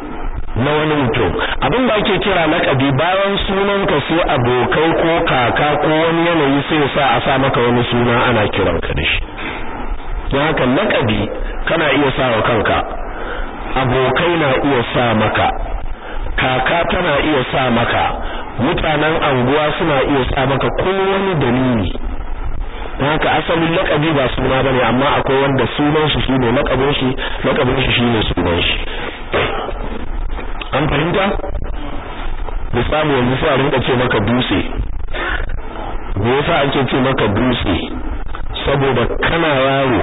na wani mutum abin da ake kira lakabi bayan sunan ka sai abokai ko kaka ko wani yanayi sai sa a sa maka wani suna ana kiran ka da shi don haka lakabi kana iya sa wa kanka abokai na iya sa maka kaka tana iya sa maka mutanen anguwa suna iya sa maka ko wani dalili don haka asalin lakabi ba suna bane amma akwai wanda sunan shi shine lakabin shi lakabin shi shine sunan shi an fahimta samu yanzu sai a rinka ce maka dutse me yasa ake ce maka dutse saboda kana yaro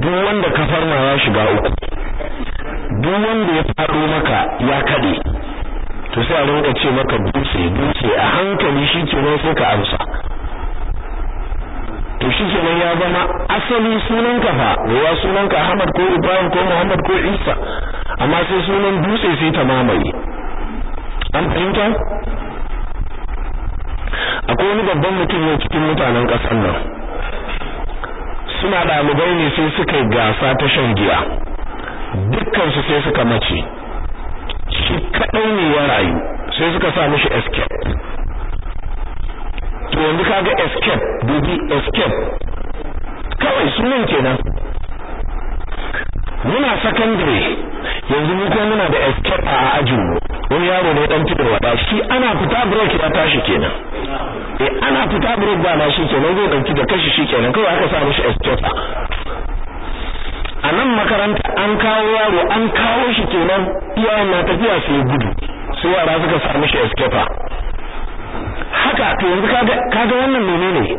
duk wanda ka farma ya shiga uku duk wanda ya faɗo maka ya kade to sai a rinka ce maka dutse dutse a hankali shi nan sai ka amsa to shi nan ya zama asali sunanka fa wa sunanka Ahmad ko Ibrahim ko Muhammad ko Isa amma sai sunan dutse sai ta mamaye an fahimta akwai wani babban mutum ne cikin mutanen ƙasar nan suna ɗalibai ne sai suka yi gasa ta shan giya dukkansu sai suka mace shi kaɗai ne ya rayu sai suka sa mishi escape to yanzu ga escape dubi escape kawai sunan kenan muna secondary yanzu mu kuma muna da escape a ajinmu wani yaro ne dan fitar wada shi ana fita break ya tashi kenan eh ana fita break ba na shi kenan zo dauki da kashi shi kenan kawai aka sa mishi escape a nan makaranta an kawo yaro an kawo shi kenan iyayen na tafiya su yi gudu su yara suka sa mishi escape haka to yanzu kaga kaga wannan menene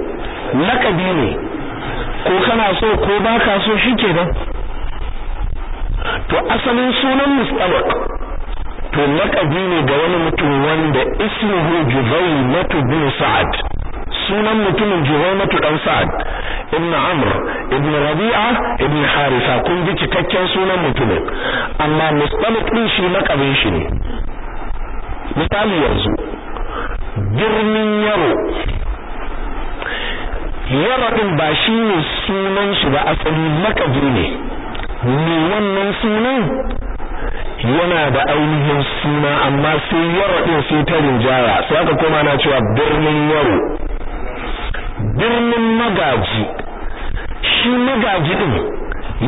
lakabi ne ko kana so ko baka so shi kenan to asalin sunan mustabak to lakabi ne ga wani mutum wanda ismuhu juzaimatu bin sa'ad sunan mutumin juzaimatu dan sa'ad ibn amr ibn rabi'a ibn harisa kun ji cikakken sunan mutumin amma mustabak din shi lakabin shi ne misali yanzu birnin yaro yaro din ba shi ne sunan shi ba asali lakabi ne mai wannan sunan yana da ainihin suna amma sai yaro ɗin sai ta rinjaya sai aka koma na cewa birnin yaro birnin magaji shi magaji ɗin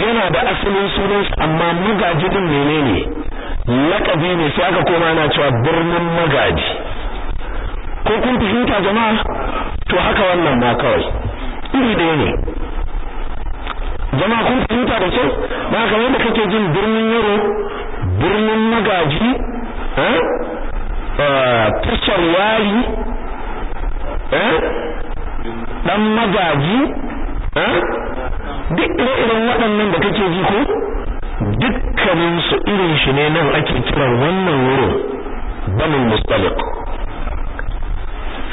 yana da asalin sunansa amma magaji ɗin menene lakabi ne sai aka koma na cewa birnin magaji ko kun fahimta jama'a to haka wannan ma kawai iri ɗaya ne jama'a kun fahimta da kyau ba ka yadda kake jin birnin yaro birnin magaji eh, eh, tashar wari eh, dan magaji duk ire-iren waɗannan da kake ji ko dukkanin su irin shi ne nan ake kiran wannan wurin banin mustalik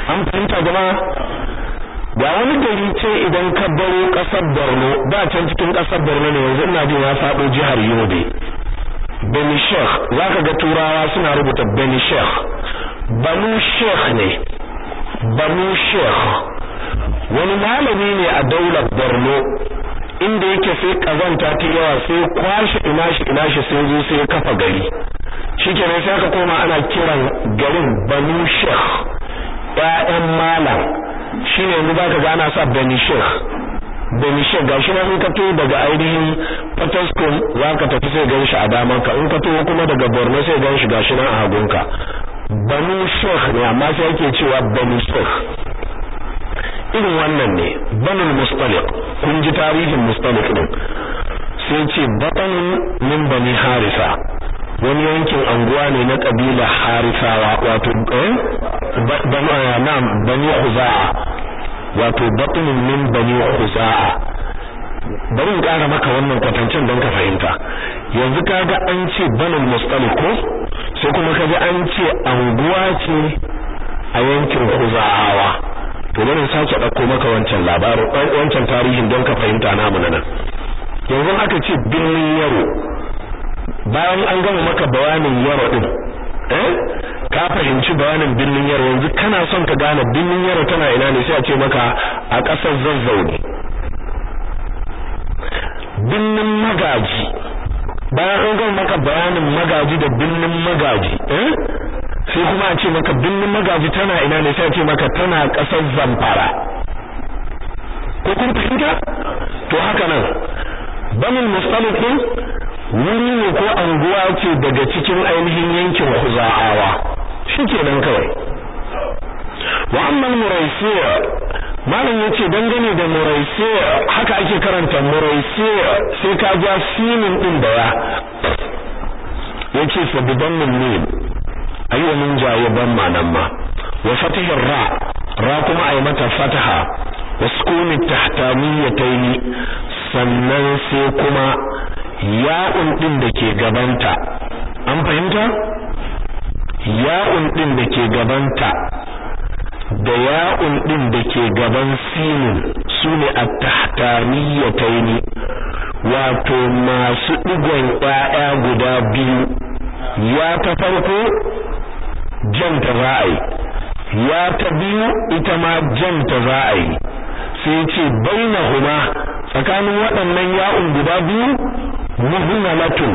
an fahimta jama'a ga wani gari ce idan ka baro kasar Borno da can cikin kasar Borno ne yanzu ina jin ya fado jihar Yobe Bani Sheikh zaka ga turawa suna rubuta Bani Sheikh Banu Sheikh ne Banu Sheikh wani malami ne a daular Borno inda yake sai kazanta ta yawa sai kwashe ina shi ina shi sai zo sai kafa gari shikenan sai aka koma ana kiran garin Banu Sheikh 'ya'yan malam shi ne yanzu zaka gana ana sa Sheikh ga shi nan in ka to daga ainihin Potoskum ka tafi sai gan shi a daman ka in ka to kuma daga Borno sai gan shi shi nan a hagunka benin shekh ne amma sai yake cewa benin shekh irin wannan ne benin Mustalik kun ji tarihin Mustalik din sai ce batanun min bani harisa wani yankin anguwa ne na kabila harisawa wato eh, eh, bani huza'a wato batunin min bani huza'a bari in kara maka wannan kwatancin don ka fahimta yanzu kaga an ce banin mustalik ko sai kuma ga an ce anguwa ce a yankin huza'awa. to bari sake dauko maka wancan labarin wancan tarihin don ka fahimta namu nan yanzu aka ce birnin yaro bayan an gama maka bayanin yaro din eh ka fahimci bayanin birnin yaro yanzu kana son ka gane birnin yaro tana ina ne sai a ce maka a ƙasar zazzau ne magaji bayan an gama maka bayanin magaji da binnin magaji eh sai kuma a ce maka binnin magaji tana ina ne sai a ce maka tana ƙasar zamfara ko kun fahimta to haka nan banul mustalif din wuri ne ko anguwa ce daga cikin ainihin yankin ke nan kawai wa'annan muraisiya malam ce dangane da muraisiya haka ake karanta muraisiya sai ka ja sinin din da ya yace fa sabibin min ne ayyuka jaye ban ma nan ma wa ra ra kuma a yi mata fataha tahtami ya tahtamiyataini sannan sai kuma ya'un din da ke gabanta an fahimta ya'un din da ke gabanta da ya'un din da ke gaban sinin sune at-tahtaniyatayn wato masu digon ƙaya guda biyu ya ta farko janta ta a ya ta biyu ita ma janta ta a sai ce bainahuma tsakanin waɗannan ya'un guda biyu muhmalatun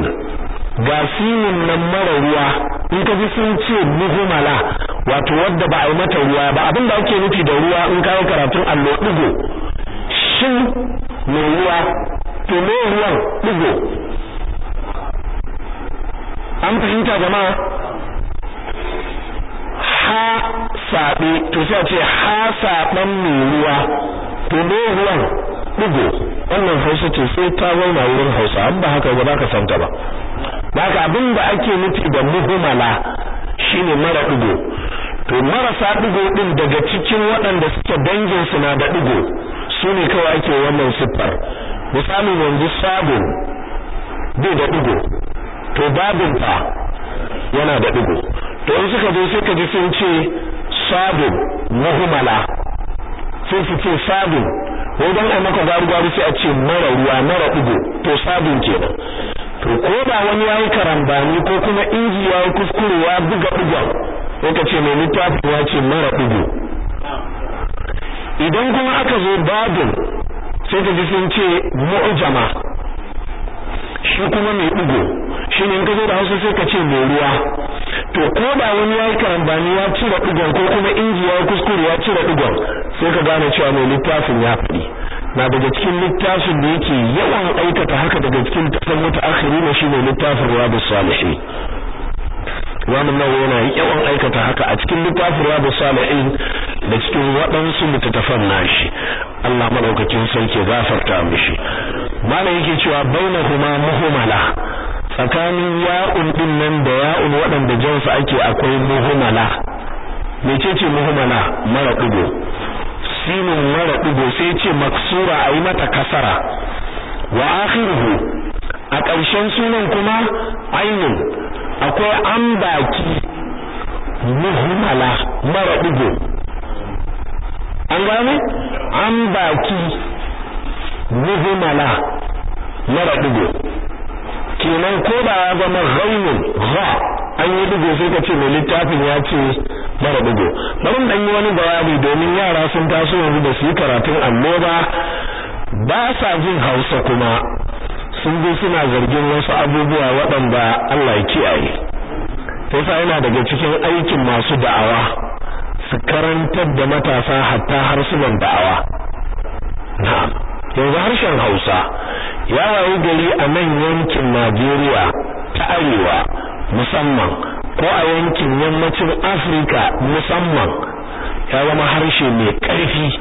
ga sinin nan mara ruwa in ka ji sun ce muhmala wato wadda ba a yi mata ruwa ba abin da ake nufi da ruwa in kawo karatun allo digo shin mai ruwa to me ruwan digo an fahimta jama'a ha sabe to sai ce ha saban mai ruwa to me ruwan digo wannan hausa ce sai ta zauna wurin hausa an ba haka ba za ka santa ba da haka abin da ake nufi da muhumala shine mara digo to marasa digo din daga cikin waɗanda suke dangin su na da digo su ne kawai ake wannan siffar misali yanzu sabo bai da digo to babin fa yana da digo to in suka zo sai ka ji sun ce sabo muhumala sun fi ce sabo ko don ai maka gari gari sai a ce mara ruwa mara ugo to sabin kenan to ko da wani ya yi karambani ko kuma inji yayi kuskure ya buga ugon sai ka ce mai littafi ya ce mara ugo idan kuma aka zo babin sai ka ji sun ce mu'jama shi kuma mai ugo shine in ka zo da Hausa sai ka ce mai ruwa to ko da wani yi karambani ya cire digon ko kuma inji ya kuskure ya cire digon sai ka gane cewa mai littafin ya faɗi na daga cikin littafin da yake yawan aikata haka daga cikin na shi mai littafin Riyadus Salihin Imam Nawawi yana yawan aikata haka a cikin littafin Riyadus Salihin da cikin waɗansu littattafan nashi Allah madaukakin sarki gafarta mishi malam yake cewa bainahuma muhmala tsakanin ya'un din nan da ya'un waɗanda jansu ake akwai muhumala ce muhumala mara ɗigo sinin mara ɗigo sai ce maksura a yi mata kasara wa akhiruhu a ƙarshen sunan kuma ainun akwai an baki muhumala mara ɗigo an gane an baki muhumala mara ɗigo kenan ko ba ya zama ghaunun ha an yi dugo sai ka ce mai littafin ya ce mara dugo bari dan yi wani jawabi domin yara sun taso yanzu da su yi karatun allo ba ba sa jin hausa kuma sun zo suna zargin wasu abubuwa waɗanda Allah ya kiyaye sai sa yana daga cikin aikin masu da'awa su karantar da matasa hatta harsunan da'awa na'am yanzu harshen Hausa ya wayi gari a nan yankin Najeriya ta arewa musamman ko a yankin yammacin Afirka musamman ya zama harshe mai ƙarfi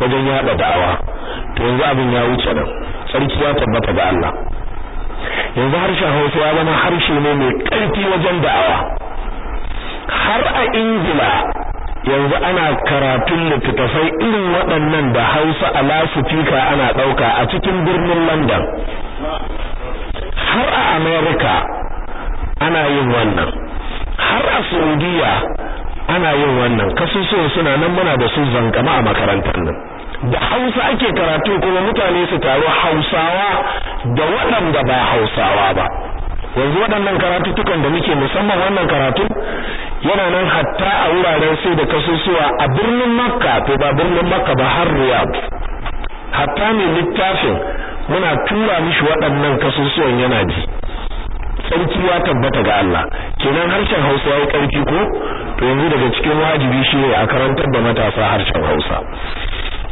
wajen yada da'awa to yanzu abin ya wuce nan sarki ya tabbata ga Allah yanzu harshen Hausa ya zama harshe ne mai ƙarfi wajen da'awa har a Ingila yanzu ana karatun littattafai irin waɗannan da hausa a lasifika ana ɗauka a cikin birnin london har a america ana yin wannan har a saudiya ana yin wannan kasusuwan suna nan muna da su zangama a makarantar nan da hausa ake karatu kuma mutane su taru hausawa da waɗanda ba hausawa ba yanzu waɗannan tukan da muke musamman wannan karatu yana nan hatta a wuraren sai da kasusuwa a birnin makka to ba birnin makka ba har riyad hatta ne littafin muna tura mishi waɗannan kasusuwan yana ji sarki ya tabbata ga Allah kenan harshen Hausa yayi karfi ko to yanzu daga cikin wajibi ne a karantar da matasa harshen Hausa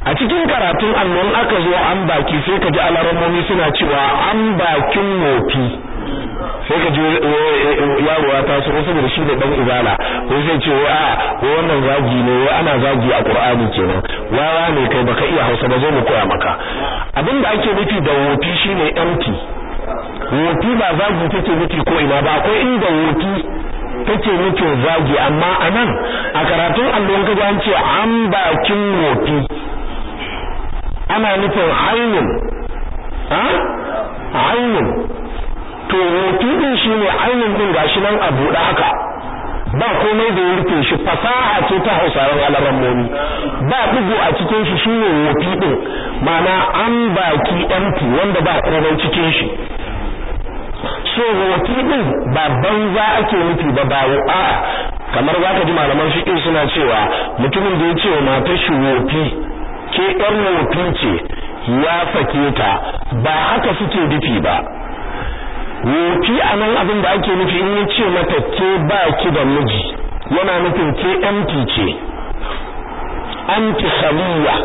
a cikin karatun annon aka zo an baki sai ka ji alarmomi suna cewa an bakin mofi sai ka ji yaro ya su ko saboda shi da dan izala ko sai ce wa a wannan zagi ne wa ana zagi a Qur'ani kenan wawa ne kai baka iya Hausa ba zai mu koya maka abinda ake nufi da wofi shine empty wofi ba zagi take nufi ko ina ba akwai inda wofi take nufin zagi amma nan a karatun allon kaga an ce an bakin wofi ana nufin ainun ha ah? to rufi din shi ne ainihin din gashi nan a buɗe haka ba komai da ya rufe shi fasaha ce ta hausawan moni. ba ɗigo a cikin shi shi ne rufi din mana an baki empty wanda ba komai cikin shi so ɗin din ba banza ake nufi ba ba a kamar za ka ji malaman fiƙi suna cewa mutumin da ya ce wa matar shi wofi ke ɗan wofi ce ya sake ta ba haka suke dufi ba wofi a nan abin da ake nufi in ya ce mata ke ba ki da miji yana nufin ke empty ce anti khaliya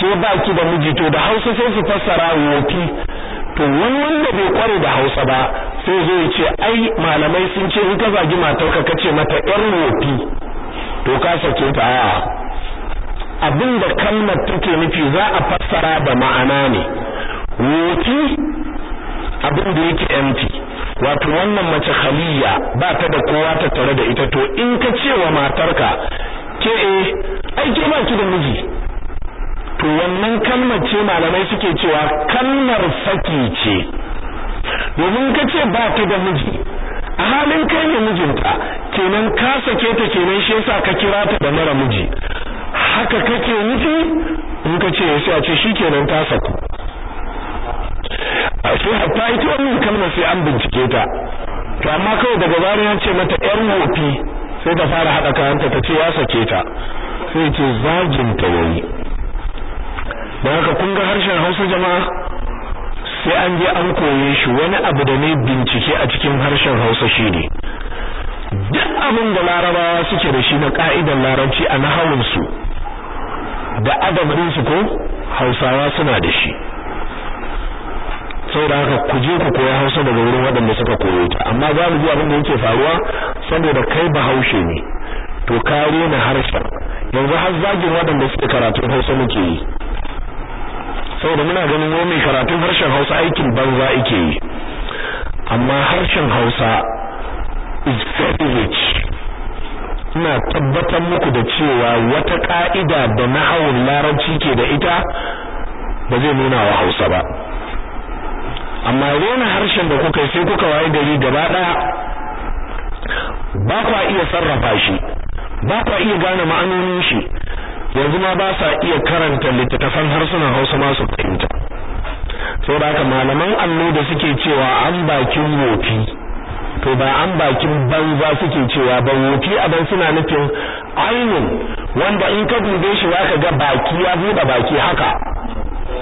ke ba ki da miji to da hausa sai su fassara wofi to wani wanda bai kware da hausa ba sai zo ya ce ai malamai sun ce in ka zagi matarka ka ce mata yar wofi to ka sake ta a abin da kalmar take nufi za a fassara da ma'ana ne wofi Abinda yake empty wato wannan mace khaliya ba ta da kowa ta tare da ita to in ka ce wa matarka ke eh ai ke ba ki da miji to wannan kalmar ce malamai suke cewa kalmar saki ce domin ka ce ba ta da miji a halin kai ne mijinta kenan ka sake ta kenan shi yasa ka kira ta da mara miji haka kake nufi in ka ce sai a ce shikenan ta saku a sai hatta ita wannan kalmar sai an bincike ta to amma kawai daga zarin an ce mata yar wofi sai ta fara hada kayanta ta ce ya sake ta sai ce zagin ta yayi dan haka kun ga harshen Hausa jama'a sai an je an koye shi wani abu da ne bincike a cikin harshen Hausa shine duk abin da larabawa suke da shi na ka'idar larabci a nahawun su da adabin su ko Hausawa suna da shi saboda haka ku je ku koya Hausa daga wurin waɗanda suka koyo ta amma galibi abin da yake faruwa saboda kai Bahaushe ne to ka rena harshen yanzu har zagin waɗanda suke karatun Hausa muke yi saboda muna ganin wani mai karatun harshen Hausa aikin banza ake yi amma harshen Hausa is very rich ina tabbatar muku da cewa wata ka'ida da nahawun larabci ke da ita ba zai nuna wa Hausa ba amma rena harshen da kuka sai kuka waye gari gaba daya ba kwa iya sarrafa shi ba kwa iya gane ma'anonin shi yanzu ma ba sa iya karanta littattafan harsunan Hausa ma su fahimta sai da haka malaman allo da suke cewa an bakin wofi to ba an bakin banza suke cewa ba wofi a suna nufin ainihin wanda in ka dube shi zaka ga baki ya buɗe baki haka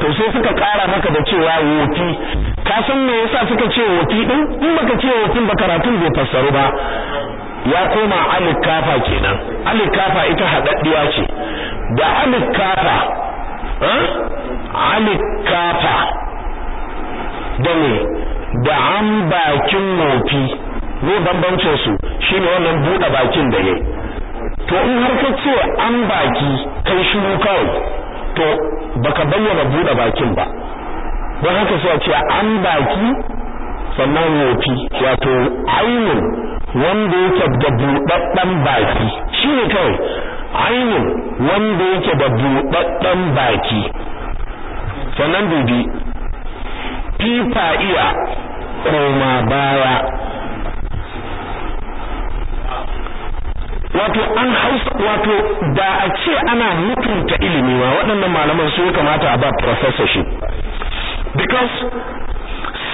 to sai suka kara maka da cewa wofi ka san me yasa suka ce wofi din in baka ce wofin ba karatun bai fassaru ba ya koma alif kafa kenan alif kafa ita hadaddiya ce da alif kafa eh? alif kafa da ne da an bakin wofi ne bambancin su shine wannan buɗe bakin da ne to in har ka ce an baki kai shiru kawai to baka bayyana buɗe bakin ba don haka sai a ce an baki sannan wofi wato ainihin wanda yake da buɗaɗɗen baki shi ne kawai ainihin wanda yake da buɗaɗɗen baki sannan dubi fifa iya koma baya wato an hausa wato da a ce ana mutunta ilimi wa waɗannan malaman su kamata a ba professorship because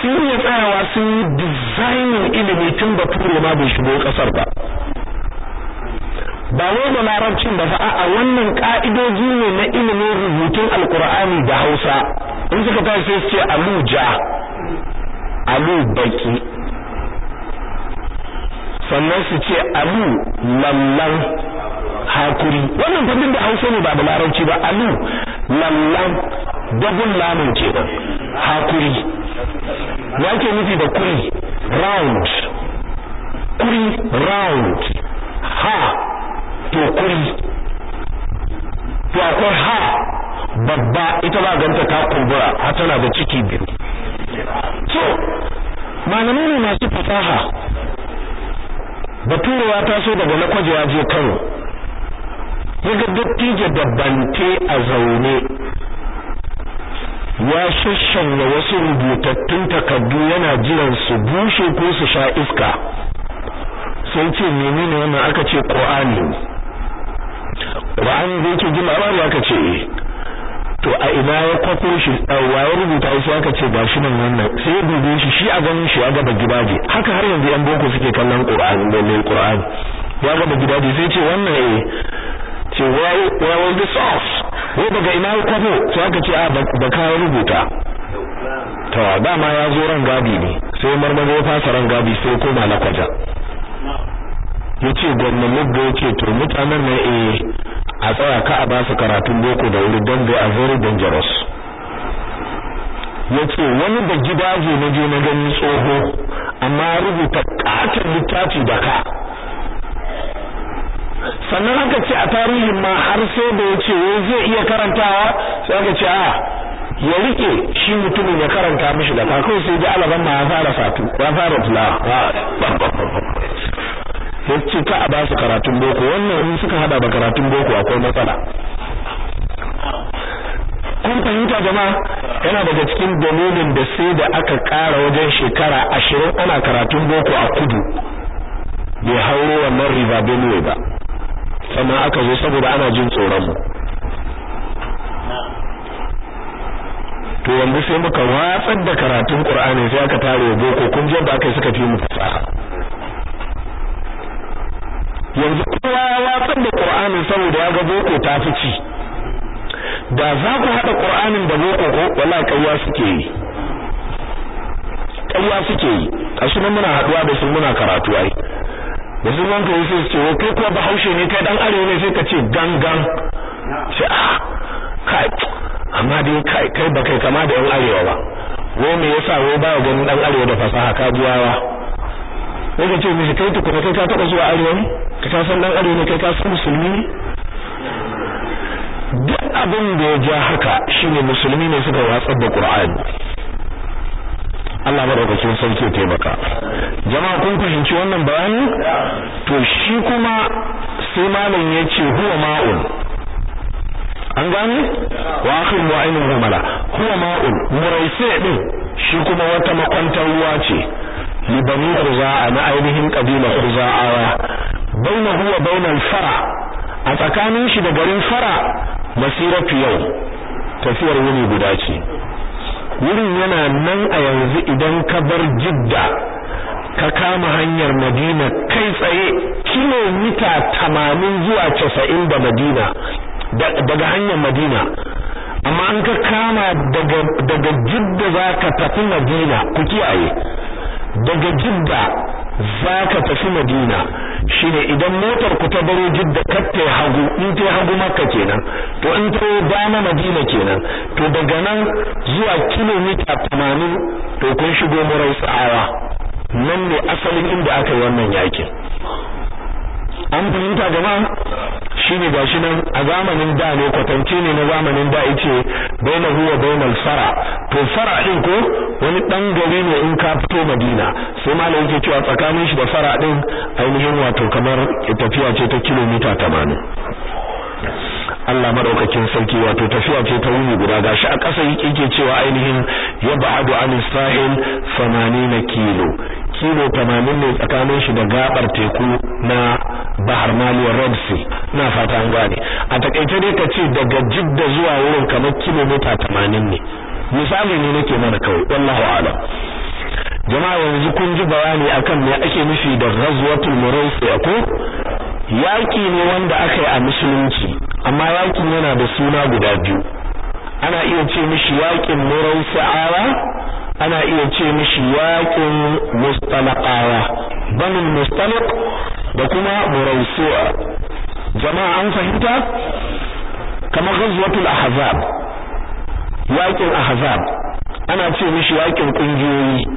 sun yi tsayawa sun yi designing ilimi tun turo ma bai shigo ƙasar ba ba wai da larabcin ba fa'a a wannan ka'idoji ne na ilimin rubutun alkur'ani da hausa in suka tashi sai su ce alu baki sannan su ce alu lallan hakuri wannan kudin da hausa ne ba da larabci ba alu lallan dagun lamun ce ba hakuri ya ke nufi da kuri round kuri round ha to kuri to akwai ha babba ita ba ganta ta kumbura har tana da ciki biyu so malamai masu fasaha baturewa ta so daga na ya je kano yaga dattijo da bante a zaune ya shashanya wasu rubutattun takardu yana jiran su bushe ko su sha iska sai ce menene wannan aka ce qur'ani qur'ani da yake jima'a ba aka ce eh. to a ina ya kwafo shi wa rubuta shi aka ce shi nan wannan sai dubi shi shi a ganin shi ya ga bagidaje haka har yanzu yan boko suke kallon qur'ani da mai qur'ani ya ga bagidaje sai ce wannan eh ce wa wa this off wai daga ina ya kwafo sai aka ce ah, a ba ka rubuta to dama ya zo ran gabi ne sai marmaro ya fasa ran gabi sai koma na kwaja yace gwamnatin da yake to mutanen ne eh a tsaya ka a basu karatun boko da wuri don they are very dangerous yace wani da gidaje na je na gani tsoho amma rubuta katin littafi da ka sannan aka ce a tarihin ma har sai da ya ce wai zai iya karantawa sai aka ce a ya rike shi mutumin ya karanta mishi da farko sai ji alaban ma ya fara fatu ya fara tula sai ce ka a basu karatun boko wannan in suka hada da karatun boko akwai matsala kun fahimta jama'a yana daga cikin dalilin da sai da aka kara wajen shekara ashirin ana karatun boko a kudu bai hauro wannan riba benue ba sannan aka zo saboda ana jin tsoronmu. to yanzu sai muka watsar da karatun qur'ani sai aka tare boko kun da aka yi suka fi mu fasaha yanzu kowa ya watsar da Qur'ani saboda ya ga boko ta fi ci da za ku haɗa qur'anin da boko ko wallahi ƙarya suke yi ƙarya suke yi kashi nan muna haɗuwa da su muna karatu ai da su man kai sai ce kai ba bahaushe ne kai dan arewa ne sai ka ce gangan sai a ah, kai amma dai kai kai ba kai kama da yan arewa ba wai me yasa wai ba ganin dan arewa da fasaha kajuwawa sai ka ce mai kai tukuna kai ka taba zuwa arewa ne ka ta san dan arewa ne kai ka san musulmi ne duk abin da ya ja haka shine musulmi ne suka watsar da qur'ani Allah madaukakin sarki ya taimaka jama'a kun fahimci wannan bayani to shi kuma sai malam ya ce huwa ma'un an gane wa akhir mu'ainun humala huwa ma'un muraisi din shi kuma wata makwantar ruwa ce li bani na ainihin ƙabilar khuza'awa bainahu wa bainal fara a tsakanin shi da garin fara masiratu yau tafiyar wuni guda ce wurin yana nan a yanzu idan ka bar jidda ka kama hanyar madina kai tsaye kilomita tamanin zuwa casa'in da madina daga hanyar madina amma an ka kama daga jidda za ka tafi madina ku kiyaye daga jidda za ka tafi madina shi ne idan motar ku ta baro jidda katta hagu in ta hagu maka kenan to in ta dama madina kenan to daga nan zuwa kilomita 80 to kun shigo sa'awa nan ne asalin inda aka yi wannan yakin an fahimta gama shi ne gashi nan a zamanin da ne kwatance ne na zamanin da ice baina huwa bainal fara to fara din ko wani dan gari ne in ka fito madina sai malam yake cewa tsakanin shi da fara din ainihin wato kamar tafiya ce ta kilomita 80 Allah madaukakin sarki wato tafiya ce ta wuni guda gashi a ƙasa yake cewa ainihin yab'adu an isra'il 80 kilo kilo 80 ne tsakanin shi da gabar teku na Bahar Maliya Red Sea na fata an gane a takaice dai ce daga Jidda zuwa wurin kamar kilomita 80 ne misali ne nake mana kawai wallahi a'lam jama'a yanzu kun ji bayani akan me ake nufi da ghazwatul muraysiya ko yaki ne wanda aka yi a musulunci amma yakin yana da suna guda biyu ana iya ce mishi yakin murau sa'ara ana iya ce mishi yakin mustalaqawa banin mustalaq da kuma murau jama'a an fahimta kamar ghazwatul ahzab yakin ahzab ana ce mishi yakin kungiyoyi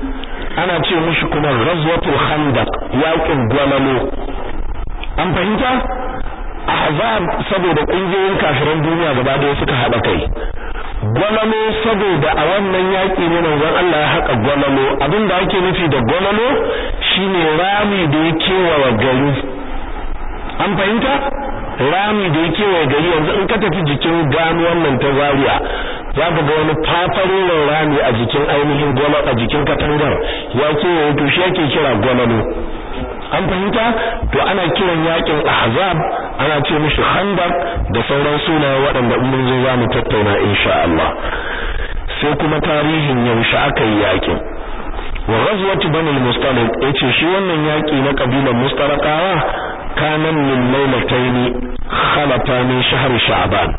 ana ce mishi kuma ghazwatul khandaq yakin gwalalo an fahimta ahzab saboda kungiyoyin kafiran duniya gaba da suka haɗa kai gwalalo saboda a wannan yaƙi ne manzon Allah ya haƙa gwalalo abin da ake nufi da gwalalo shine rami da ya wa gari an fahimta rami da ya kewaye gari yanzu in ka tafi jikin gano wannan ta zaria za ka ga wani fafarorin rami a jikin ainihin gwalalo a jikin katangar ya kewaye to shi ake kira gwalalo an fahimta to ana kiran yakin ahzab ana ce mishi khandaq da sauran sunaye waɗanda mun zo za mu tattauna insha Allah sai kuma tarihin yaushe aka yi yakin wa ghazwatu bani al-mustaliq yace shi wannan yaki na kabilar mustaraqawa kanan min lailataini khalafa min shahr sha'ban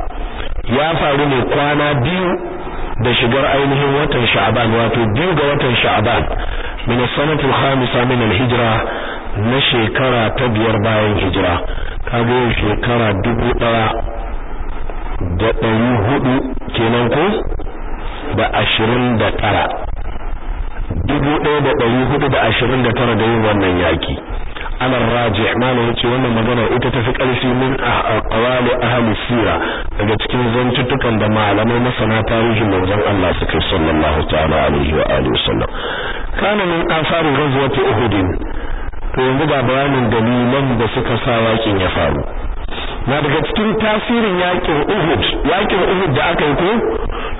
ya faru ne kwana biyu da shigar ainihin watan sha'ban wato biyu ga watan sha'ban min as-sanati al-khamisa min al-hijra na shekara ta biyar bayan hijira kaga yau shekara dubu ɗaya da ɗari hudu kenan ko da ashirin da tara dubu ɗaya da ɗari hudu da ashirin da tara da yin wannan yaƙi. alar raji ya ce wannan magana ita ta fi ƙarfi min a aqwali ahli sira daga cikin zantutukan da malamai masana tarihin manzon Allah suka sallallahu ta'ala alaihi wa alihi wasallam kana min asari ta Uhudin. to yanzu ga bayanin dalilan da suka sa yakin ya faru na daga cikin tasirin yakin Uhud yakin Uhud da aka yi ko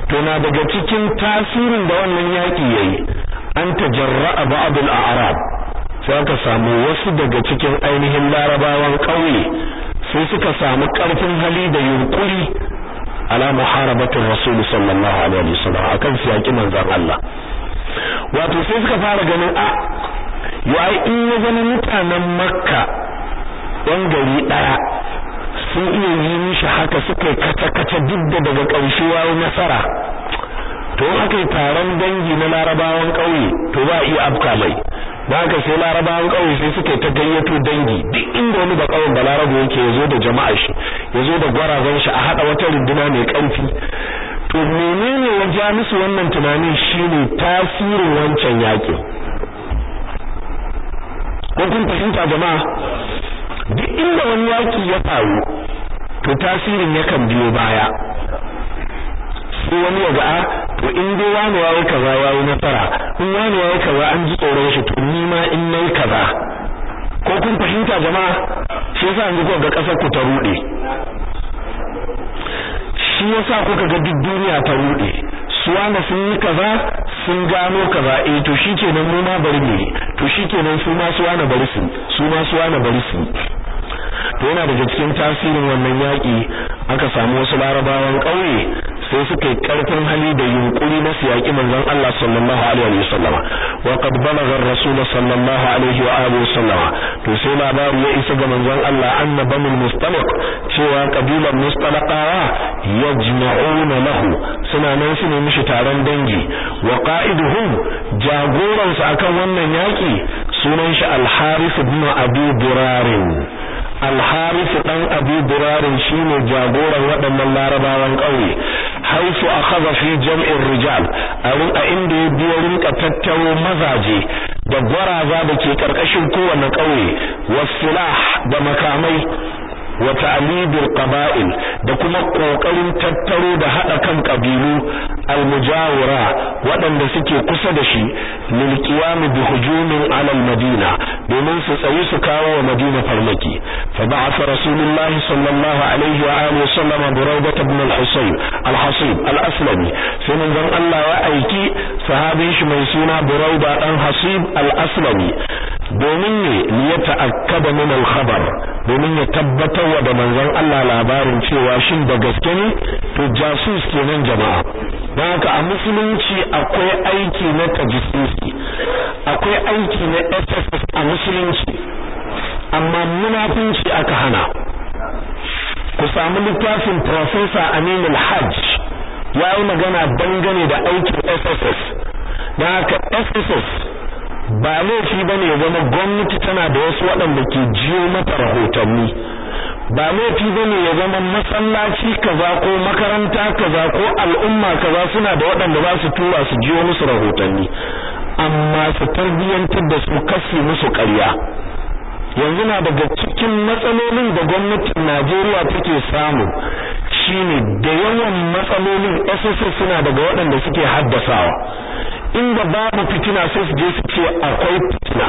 to na daga cikin tasirin da wannan yaki yayi an tajarra'a ba'd al-a'rab sai aka samu wasu daga cikin ainihin larabawan ƙauye sai suka samu ƙarfin hali da yunkuri ala muharabatu rasul sallallahu alaihi wasallam akan su manzon Allah wato sai suka fara ganin a ah, wai in ya zama mutanen makka ɗan gari ɗaya sun iya yi mishi haka suka kace-kace duk da daga ƙarshe yayi nasara to haka taron dangi na larabawan ƙauye to ba iya afka mai da haka sai larabawan ƙauye sai suka ta gayyato dangi duk inda wani ba larabu yake ya zo da jama'a shi ya zo da gwarazan shi a haɗa wata runduna mai ƙarfi to menene ya ja musu wannan tunanin shine tasirin wancan yaƙin ko kun fahimta jama'a duk inda wani yaki ya faru to tasirin yakan biyo baya Su wani ya ga'a, ah, to in dai wani wawo kaza yi nasara in wani wawo kaza an ji tsoron shi to ni ma in nayi kaza ko kun fahimta jama'a shi yasa yanzu ko ga kasar ku ta rude shi yasa kuka ga duk duniya ta rude suwa na sun yi kaza sun gano kaza eh to shikenan mu ma bari ne to shikenan su ma suwa na bari su su ma suwa na bari su to yana daga cikin tasirin wannan yaƙi aka samu wasu larabawan ƙauye sai suka yi ƙarfin hali da yunƙuri na siyaƙi manzon Allah sallallahu alaihi wa sallama wa qad balagha ar-rasul sallallahu alaihi wa alihi sallama to sai labari ya isa ga manzon Allah anna banul mustalaq cewa kabilar mustalaqawa yajma'una lahu suna nan su ne mishi taron dangi wa qa'iduhum jagoransu akan wannan yaƙi sunan shi al-harith ibn abi durarin alharisu dan abu durarin shine jagoran waɗannan larabawan ƙauye haisu a fi jam'in rijal a inda ya biyo rinka tattaro mazaje da gwaraza da ke karkashin kowane ƙauye wasilah da makamai wa ta'lidul qaba'il da kuma kokarin tattaro da hada kan kabilu mujawara waɗanda suke kusa da shi lil qiyam bi hujumin ala madina domin su tsayi su kawo wa madina farmaki fa ba'atha rasulullah sallallahu alaihi wa alihi sallam buraidah ibn al-husayn al-hasib al-aslami sai manzon Allah ya aiki sahabin shi mai suna buraidah dan hasib al-aslami domin ne ya ta'akkada min al-khabar domin ya tabbatar wa da manzon Allah labarin cewa shin da gaske ne to jasus kenan jama'a don haka a musulunci akwai aiki na tajisisi akwai aiki na SSS a musulunci amma munafunci aka hana ku samu littafin professor Aminul Hajj ya yi magana dangane da aikin SSS don haka SSS ba laifi ba ne zama gwamnati tana da wasu waɗanda ke jiyo mata rahotanni ba laifi ba ya zama masallaci kaza ko makaranta kaza ko al'umma kaza suna da waɗanda za su tura su jiyo musu rahotanni amma su tarbiyyantar da su kasi musu karya. yanzu na daga cikin matsalolin da gwamnatin Najeriya take samu shine da yawan matsalolin SSS suna daga waɗanda suke haddasawa inda babu fitina sai su je su ce akwai fitina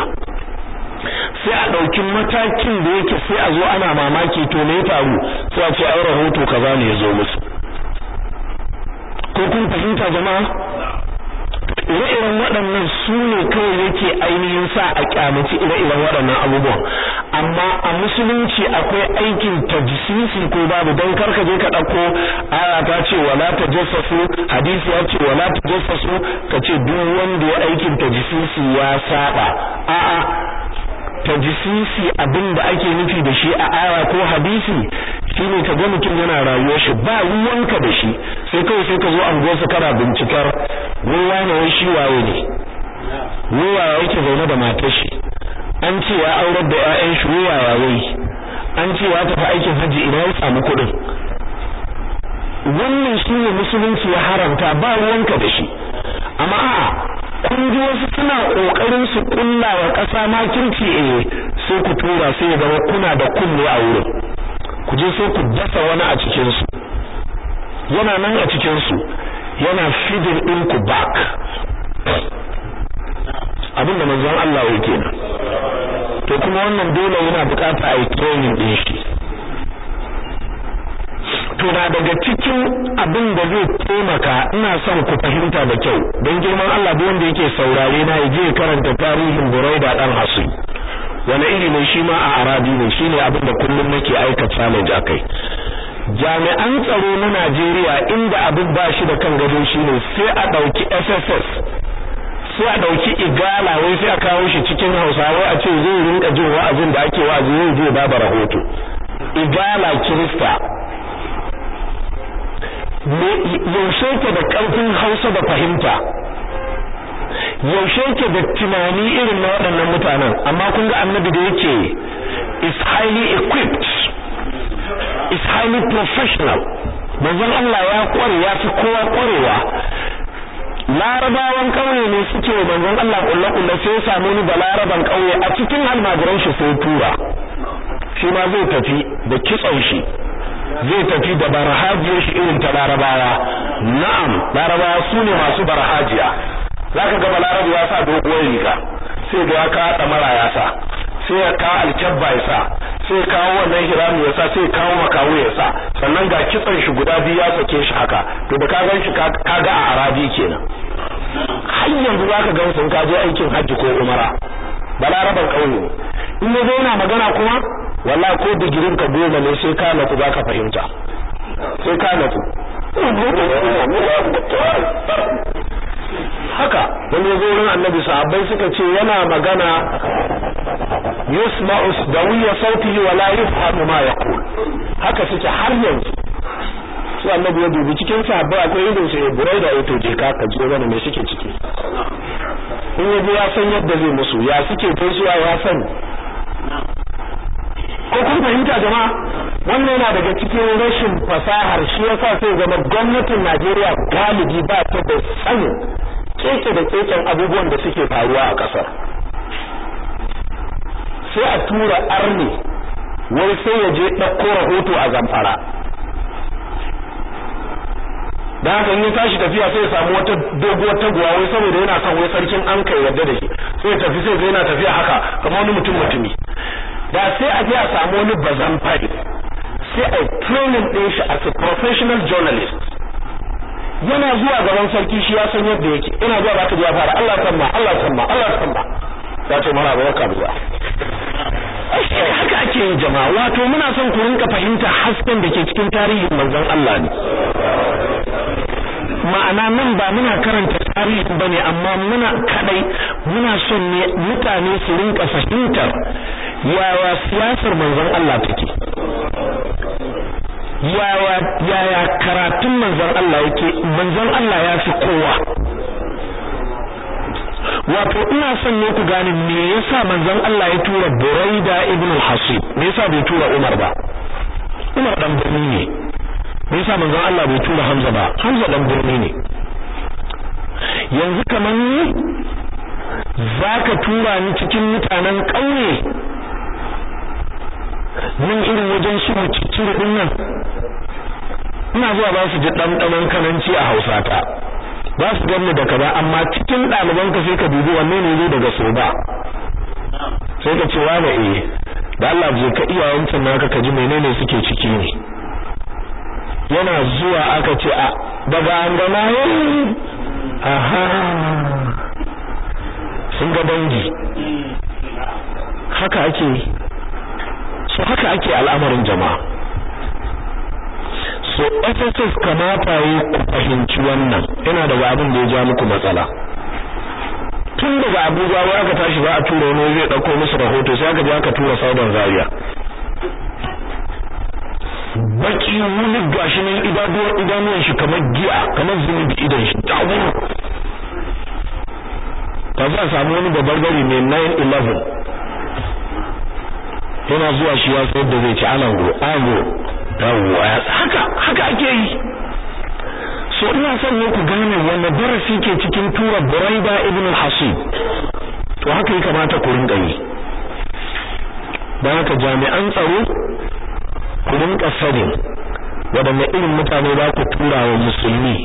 sai a ɗauki matakin da yake sai a zo ana mamaki to me ya faru sai a ce ai rahoto kaza ne ya zo musu ko kun fahimta jama'a ire-iren waɗannan su ne kawai yake ainihin sa a kyamaci ire-iren waɗannan abubuwan amma a musulunci akwai aikin tajisisi ko babu dan karka je ka ɗauko aya ta ce wala tajassasu hadisi ya ce wala tajassasu ka ce duk wanda ya aikin tajsisi ya saba a'a tajisisi abin da ake nufi da shi a aya ko hadisi shine ka ga mutum yana rayuwar shi ba ruwanka da shi sai kawai sai ka zo anguwarsa kana bincikar ruwa ne wai shi waye ne ruwa yake zaune da matar shi an ce ya aurar da ƴaƴan shi ruwa waye an ce ya tafi aikin haji ina ya samu kuɗin wannan ne musulunci ya haramta ba ruwanka da shi amma a'a kun wasu suna kokarin su kulla wa kasa ma kirki eh sai ku tura sai ga kuna da kunne a wurin ku je sai ku dasa wani a cikin su yana nan a cikin su yana fidin din ku back abin manzon Allah yake to kuma wannan dole yana bukata a yi training din shi to daga cikin abin da zai taimaka ina son ku fahimta da kyau don girman Allah duk wanda yake saurare na yaje karanta tarihin Buraida dan Hasan wani iri shi ma a Arabi ne shine abin da kullum nake aika challenge akai jami'an tsaro na Najeriya inda abin ba shi da kan gado shine sai a dauki SSS sai a dauki igala wai sai a kawo shi cikin Hausawa a ce zai rinka jin wa'azin da ake wa'azi zai ba rahoto igala kirista yaushe ke da ƙarfin hausa da fahimta yaushe ke da tunani irin na waɗannan mutanen amma kun ga annabi da yake is highly equipped is highly professional manzon Allah ya kware ya fi kowa kwarewa larabawan ƙauye ne suke manzon Allah kullakulla sai ya samu ni laraban ƙauye a cikin almajiran shi sai tura shi ma zai tafi da kitson shi zai tafi da barhajiyar shi irin ta larabawa na'am larabawa su ne masu barhajiya zaka ga larabu ya sa doguwar riga sai ga ya ka mara ya sa sai ya kawo alkyabba ya sa sai kawo wannan hirami ya sa sai kawo makawu ya sa sannan ga kitsan shi guda biyu ya sake shi haka to da ka gan shi ka ga a arabi kenan har yanzu zaka gan sun ka je aikin hajji ko umara balaraban ƙauye ne in ya zo yana magana kuma wallahi ko digirin ka goma ne sai ka natsu za ka fahimta sai ka ku. haka wani ya zo wurin annabi sahabbai suka ce yana magana yusma'u dawiya sautihi wala yafhamu ma yaqul haka suke har yanzu sai annabi ya dubi cikin sahabba akwai irin sai burai da yato eh je ka ka je wani mai suke ciki in ya ya san yadda zai musu ya suke kai suwa ya san ko kun fahimta jama'a wannan yana daga cikin rashin fasahar shi ya sa sai zama gwamnatin Najeriya galibi ba ta da sani keke da keken abubuwan da suke faruwa a kasar sai a tura arni wai sai ya je ɗauko rahoto a zamfara da haka in ya tashi tafiya sai ya samu wata doguwar taguwa wai saboda yana son wai sarkin an kai yadda da shi sai ya tafi sai yana tafiya haka kamar wani mutum mutumi da sai a je a samu wani bazan fari sai a training din shi as a professional journalist yana zuwa gaban sarki shi ya san yadda yake ina zuwa ba ta ya fara Allah ya ma Allah ya ma Allah ya ma ya ce mara ba ka zuwa ashe haka ake yin jama'a wato muna son ku rinka fahimta hasken da ke cikin tarihin manzon Allah ne ma'ana nan ba muna karanta tarihi bane amma muna kadai muna son ne mutane su rinka fahimtar yawa siyasar manzon Allah take yawa yaya karatun manzon Allah yake manzon Allah ya fi kowa wato ina son ne ku gane me yasa manzon Allah ya tura Buraida ibn al-Hasib me yasa bai tura Umar ba Umar dan Bani ne me yasa manzon Allah bai tura Hamza ba Hamza dan birni ne yanzu kamar ni zaka tura ni cikin mutanen ƙauye nan irin wajen su cikin din nan ina zuwa ba su ji ɗanɗanon kananci a Hausa ta ba su ganni da kaza amma cikin ɗalibanka sai ka dubi wanne ne zai daga soba ba sai ka ce wane eh da Allah je ka iya wancan naka ka ji menene suke ciki ne yana zuwa aka ce a daga an gama aha sun ga dangi haka ake so haka ake al'amarin jama'a so SSS kamata yi ku fahimci wannan yana daga abin da ya ja muku matsala tun daga Abuja wa aka tashi ba a tura wani zai ɗauko musu rahoto sai aka je aka tura Saudan Zaria baki wulin gashi nan idanuwan shi kamar giya kamar zunubi idan shi ta wuri ta za samu wani gabarbari mai nine eleven. yana zuwa shi ya sayar da zai ci alango ago yawwa haka haka ake yi so ina son ne ku gane wanda darasi ke cikin tura buraida ibn hasib to haka ya kamata ku rinka yi don haka jami'an tsaro ku rinka sanin waɗanne irin mutane za ku tura wa musulmi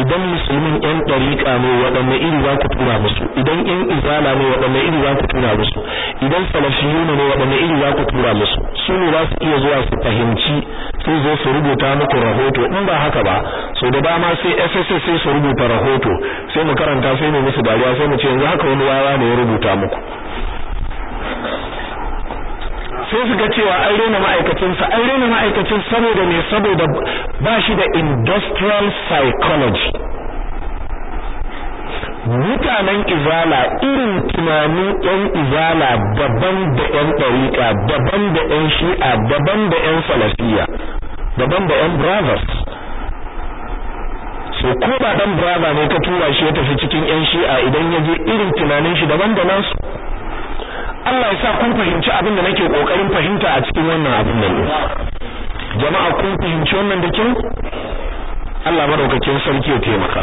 idan musulmin yan ɗariƙa ne waɗanne iri za ku tura musu idan yan izala ne waɗanne iri za ku tura musu idan salafiyu ne waɗanne iri za ku tura musu su ne za su iya zuwa su fahimci sai zo su rubuta muku rahoto in ba haka ba so da dama sai ssa sai su rubuta rahoto sai mu karanta sai mu musu dariya sai mu ce yanzu haka wani wawa ne ya rubuta muku sai su ga cewa an rena ma'aikacinsa an rena ma'aikacin saboda ne saboda ba shi da industrial psychology mutanen izala irin tunanin yan izala daban da yan ɗariƙa daban da yan shi'a daban da yan salafiya daban da yan brothers so ko ba dan brother ne ka tura shi ya tafi cikin yan shi'a idan ya je irin tunanin shi daban da nasu Allah ya sa kun fahimci abin da nake kokarin fahimta a cikin wannan abin nan jama'a kun fahimci wannan da kin Allah madaukakin sarki ya taimaka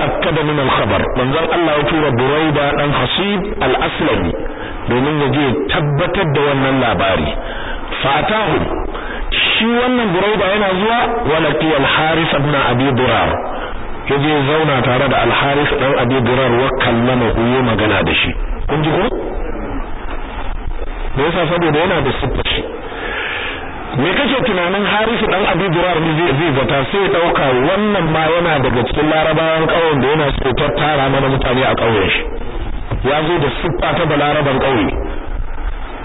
al-khabar. الخبر Allah ya tura يتورى dan hasib al-Aslami domin ya je tabbatar da wannan labari fatahu shi wannan burauda yana zuwa wa laqiya al harith ibn abi durar ya je zauna tare da alharis dan abi durar wa kallama ku magana da shi kun ji ko Me yasa saboda yana da sifa shi me kace tunanin harisu dan abi durar ne zai zata sai ya dauka wannan ma yana daga cikin larabawan kauyen da yana so tattara mana mutane a kauyen shi ya zo da siffa ta balaraban kauye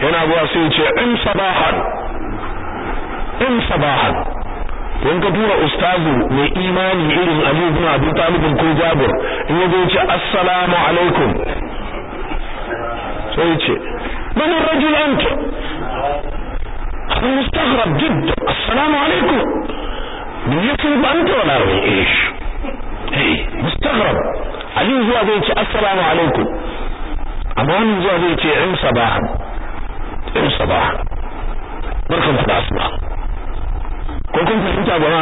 yana zuwa sai ya ce in sabahan in sabahan in ka tura ustazu mai imani irin abu kuma abin talibin ko jabir in yi zai ce assalamu alaikum sai ce mana rajul anta an mustahrab jidda assalamu alaikum ne ya san banta wala rai ish hey mustahrab ali zuwa zai ce assalamu alaikum amma wani zuwa zai ce in sabah in sabah barkan ku da asuba ko kun fahimta ba ma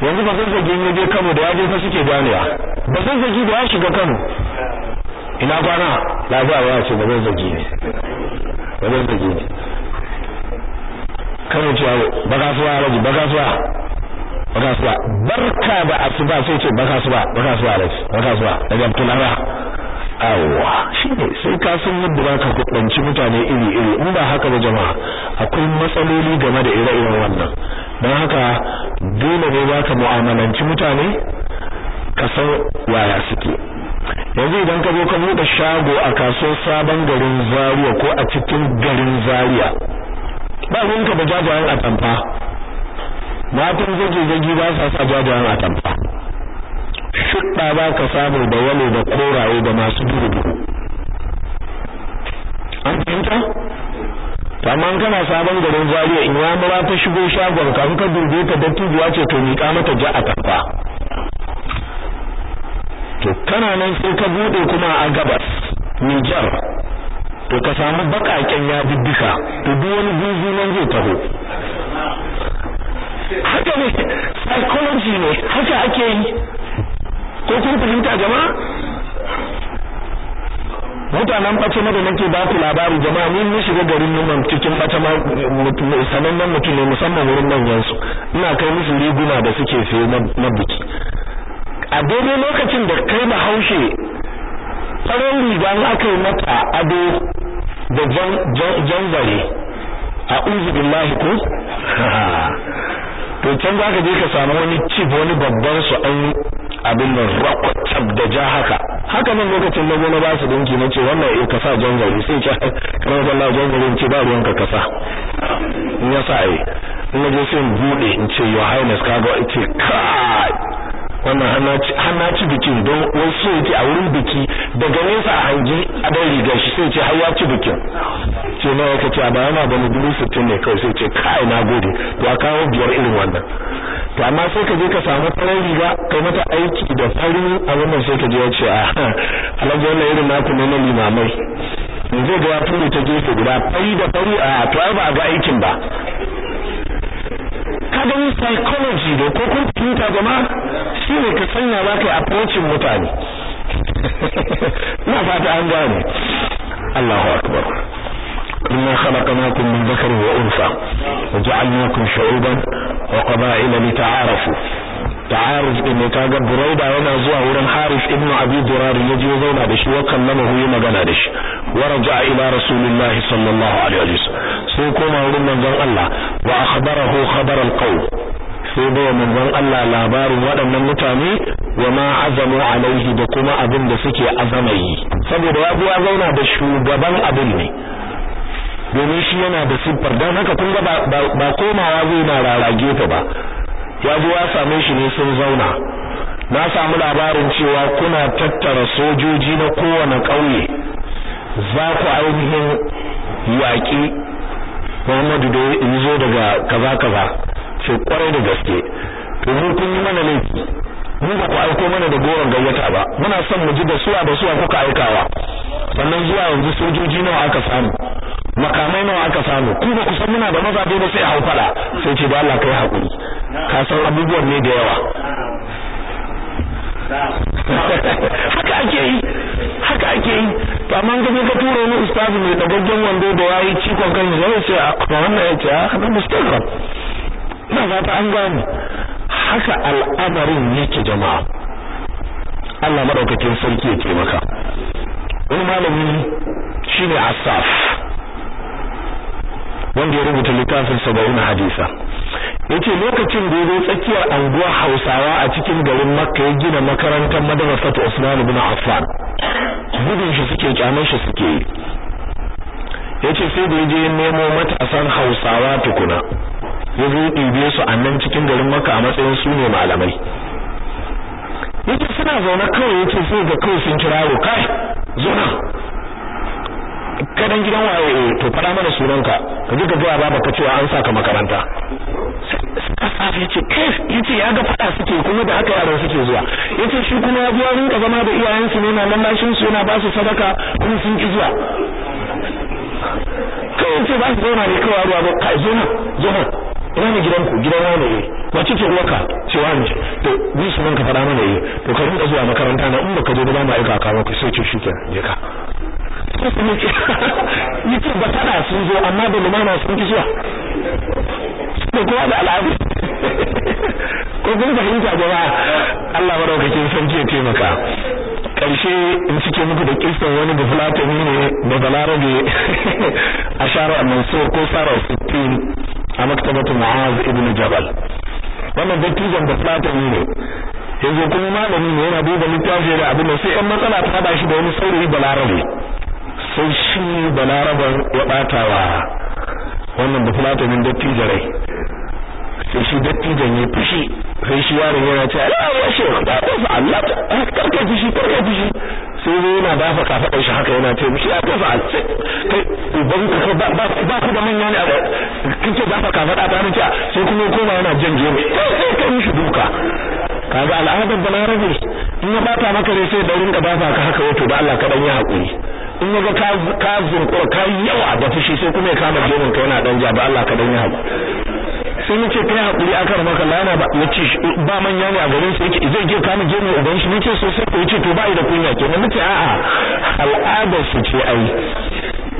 yanzu ba zan zagi ne je Kano da yaje fa suke ganewa ba zan zagi da ya shiga Kano ina kwana lafiya ba ce ba zan zagi ne ba zan zagi ne Kano ce ba kasuwa raji ba kasuwa ba kasuwa barka da asuba sai ce ba kasuwa ba kasuwa raji ba kasuwa daga Abdullahi shi shine sai ka san yadda ka kuɗanci mutane iri iri in ba haka ba jama'a akwai matsaloli game da ire-iren wannan don haka dole ne ka mu'amalanci mutane ka san yaya suke yanzu idan ka zo ka buɗe shago a kasuwar sabon garin Zaria ko a cikin garin Zaria ba ruwanka da jajayen atamfa tun zage zage ba sa sa jajayen atamfa shuɗa ba ka samu da wani da koraye da masu duhu an fahimta amma kana sabon garin zariya in ya mura ta shigo shagon kafin ka durbe ta dattijuwa ce to mika mata ja a tafa to kana nan sai ka bude kuma a gabas Nijar to ka samu bakaken ya bibbika to duk wani zuzu nan zai taho haka ne psychology ne haka ake yi ko kun fahimta jama'a mutanen bace na da nake ba ku labari jama'a ni mun shiga garin numan cikin bace ma sanannen mutum ne musamman wurin manyan su ina kai musu riguna da suke sayo na buki a daidai lokacin da kai bahaushe tsaron riga za yi mata ado da jan zare a uzu billahi ko to can za ka je ka sami wani cif wani babban su an abin nan rakwatab da ja haka haka nan lokacin na gona ba su dinki na ce wannan eh kasa jan gari sai ce kamar wallahi jan gari ce ba kasa in ya sa ai eh, in na je sai in bude in ce your highness kaga ce kai wannan hana ci bikin don wai so yake a wurin biki daga nesa a hangi a dan rigar shi sai ce har ya ci bikin ce na yaka ce ba yana bani dubu sittin ne kawai sai ce kai na gode to a kawo biyar irin wannan to amma sai ka je ka samu farin riga kai mata aiki da farin a wannan sai ka je ya ce a alhaji wannan irin naku ne na limamai yanzu ga ya ture ta gefe guda fari da fari a to ai ba a ga aikin ba ka gani psychology da ko kun fahimta jama'a shi ne ka sanya za ka yi approaching mutane na fata an gane Allahu akbar إنا خلقناكم من ذكر وأنثى وجعلناكم شعوبا وقبائل لتعارفوا ta'aruf din ne kaga buraida yana zuwa wurin haris ibnu abi durar ya je zauna da shi wa kallama hu magana da shi wa raja'a ila rasulillah sallallahu alaihi wasallam sai koma wurin manzon Allah wa akhbarahu khabar alqaum sai bai manzon Allah labarin waɗannan mutane wa ma azamu alaihi da kuma abin da suke azamai saboda ya ya zauna da shugaban abin ne domin shi yana da siffar dan haka kun ga ba komawa zai na rarage ta ba ya zo ya same shi ne sun zauna na samu labarin cewa kuna tattara sojoji na kowane ƙauye za ku ainihin yaƙi Muhammadu da ya zo daga kaza kaza ce kwarai da gaske to mu kun yi mana laifi mu ba ku aiko mana da goron gayyata ba muna son mu ji da suwa da suwa kuka aikawa sannan zuwa yanzu sojoji nawa aka samu makamai nawa aka samu ku ba ku san muna da mazaje ba sai hau fada sai ce da Allah kai hakuri ka san abubuwan ne da yawa haka ake yi haka ake yi man ka tura wani ustazi mai dagaggen wando da yayi cikon kan zai ce a wannan ya ce a haka mustaqbal ga ta an gane haka al'amarin yake jama'a Allah madaukakin sarki ya taimaka wani malami shine Asaf wanda ya rubuta littafin saba'un hadisa yace lokacin da yazo tsakiyar anguwa Hausawa a cikin garin Makka ya gina makarantar ta Usman ibn Affan gudun shi suke kyamar shi suke yace sai da yaje nemo matasan Hausawa tukuna ya zo su a nan cikin garin Makka a matsayin su ne malamai yace suna zaune kawai yace sai ga kai sun kirawo kai zo na. kadan gidan waye eh, to fara mana sunanka ka ji ka ga baba ka cewa an saka makaranta sai ce kai yace ya ga fada suke kuma da aka yaran suke zuwa yace shi kuma ya zuwa ka zama da iyayen su ne na lallashin su yana ba su sadaka kuma sun ki zuwa kai yace ba su zauna ne kawai ruwa ba kai zo na zo na ina ne gidanku gidan wani ne wace eh. ce uwarka ce wani ce to ni sunan ka fada mana yi eh. to ka rinka zuwa makaranta na in baka je ba ma aika ka ku sai ce shi ke ka yake ba tana sun zo amma da lumana sun ki zuwa da kowa da al'adu ko kun fahimta gaba Allah madaukakin sarki ya taimaka karshe in cike muku da kistan wani da fulatani ne da balarabe a shara mansur ko sara 16 a maktabatu mu'az ibn jabal wannan dattijan da fulatani ne yanzu kuma malami ne yana duba littafi da abin da sai 'yan matsala ta hada shi da wani saurayi balarabe sai shi larabar ya batawa wannan da bafulatanin dattijo rai sai shi dattijon ya fushi sai shi yaron yana ce Allah ya shi ya ku fa Allah karka fushi karka fushi sai zai yana dafa kafaɗar shi haka yana taimu shi ya kafa a kai uban ka ba ku da manya ne a ce dafa kafaɗa ta cewa sai kuma koma yana jan kai sai yi mishi duka kaga al'adar balarabe in ya bata maka ne sai da rinka dafa ka haka wato da Allah ka dan yi haƙuri in ya ka ka zurkura ka yawa da fushi sai kuma ya kama jemin ka yana dan ja ba Allah ka dan yi haƙuri sai nace kai hakuri aka maka lana ba ce ba manya ne a garin su yake zai je kama gemu uban shi nace so sai ko yace to yi da kunya kenan nace a'a al'adar su ce ai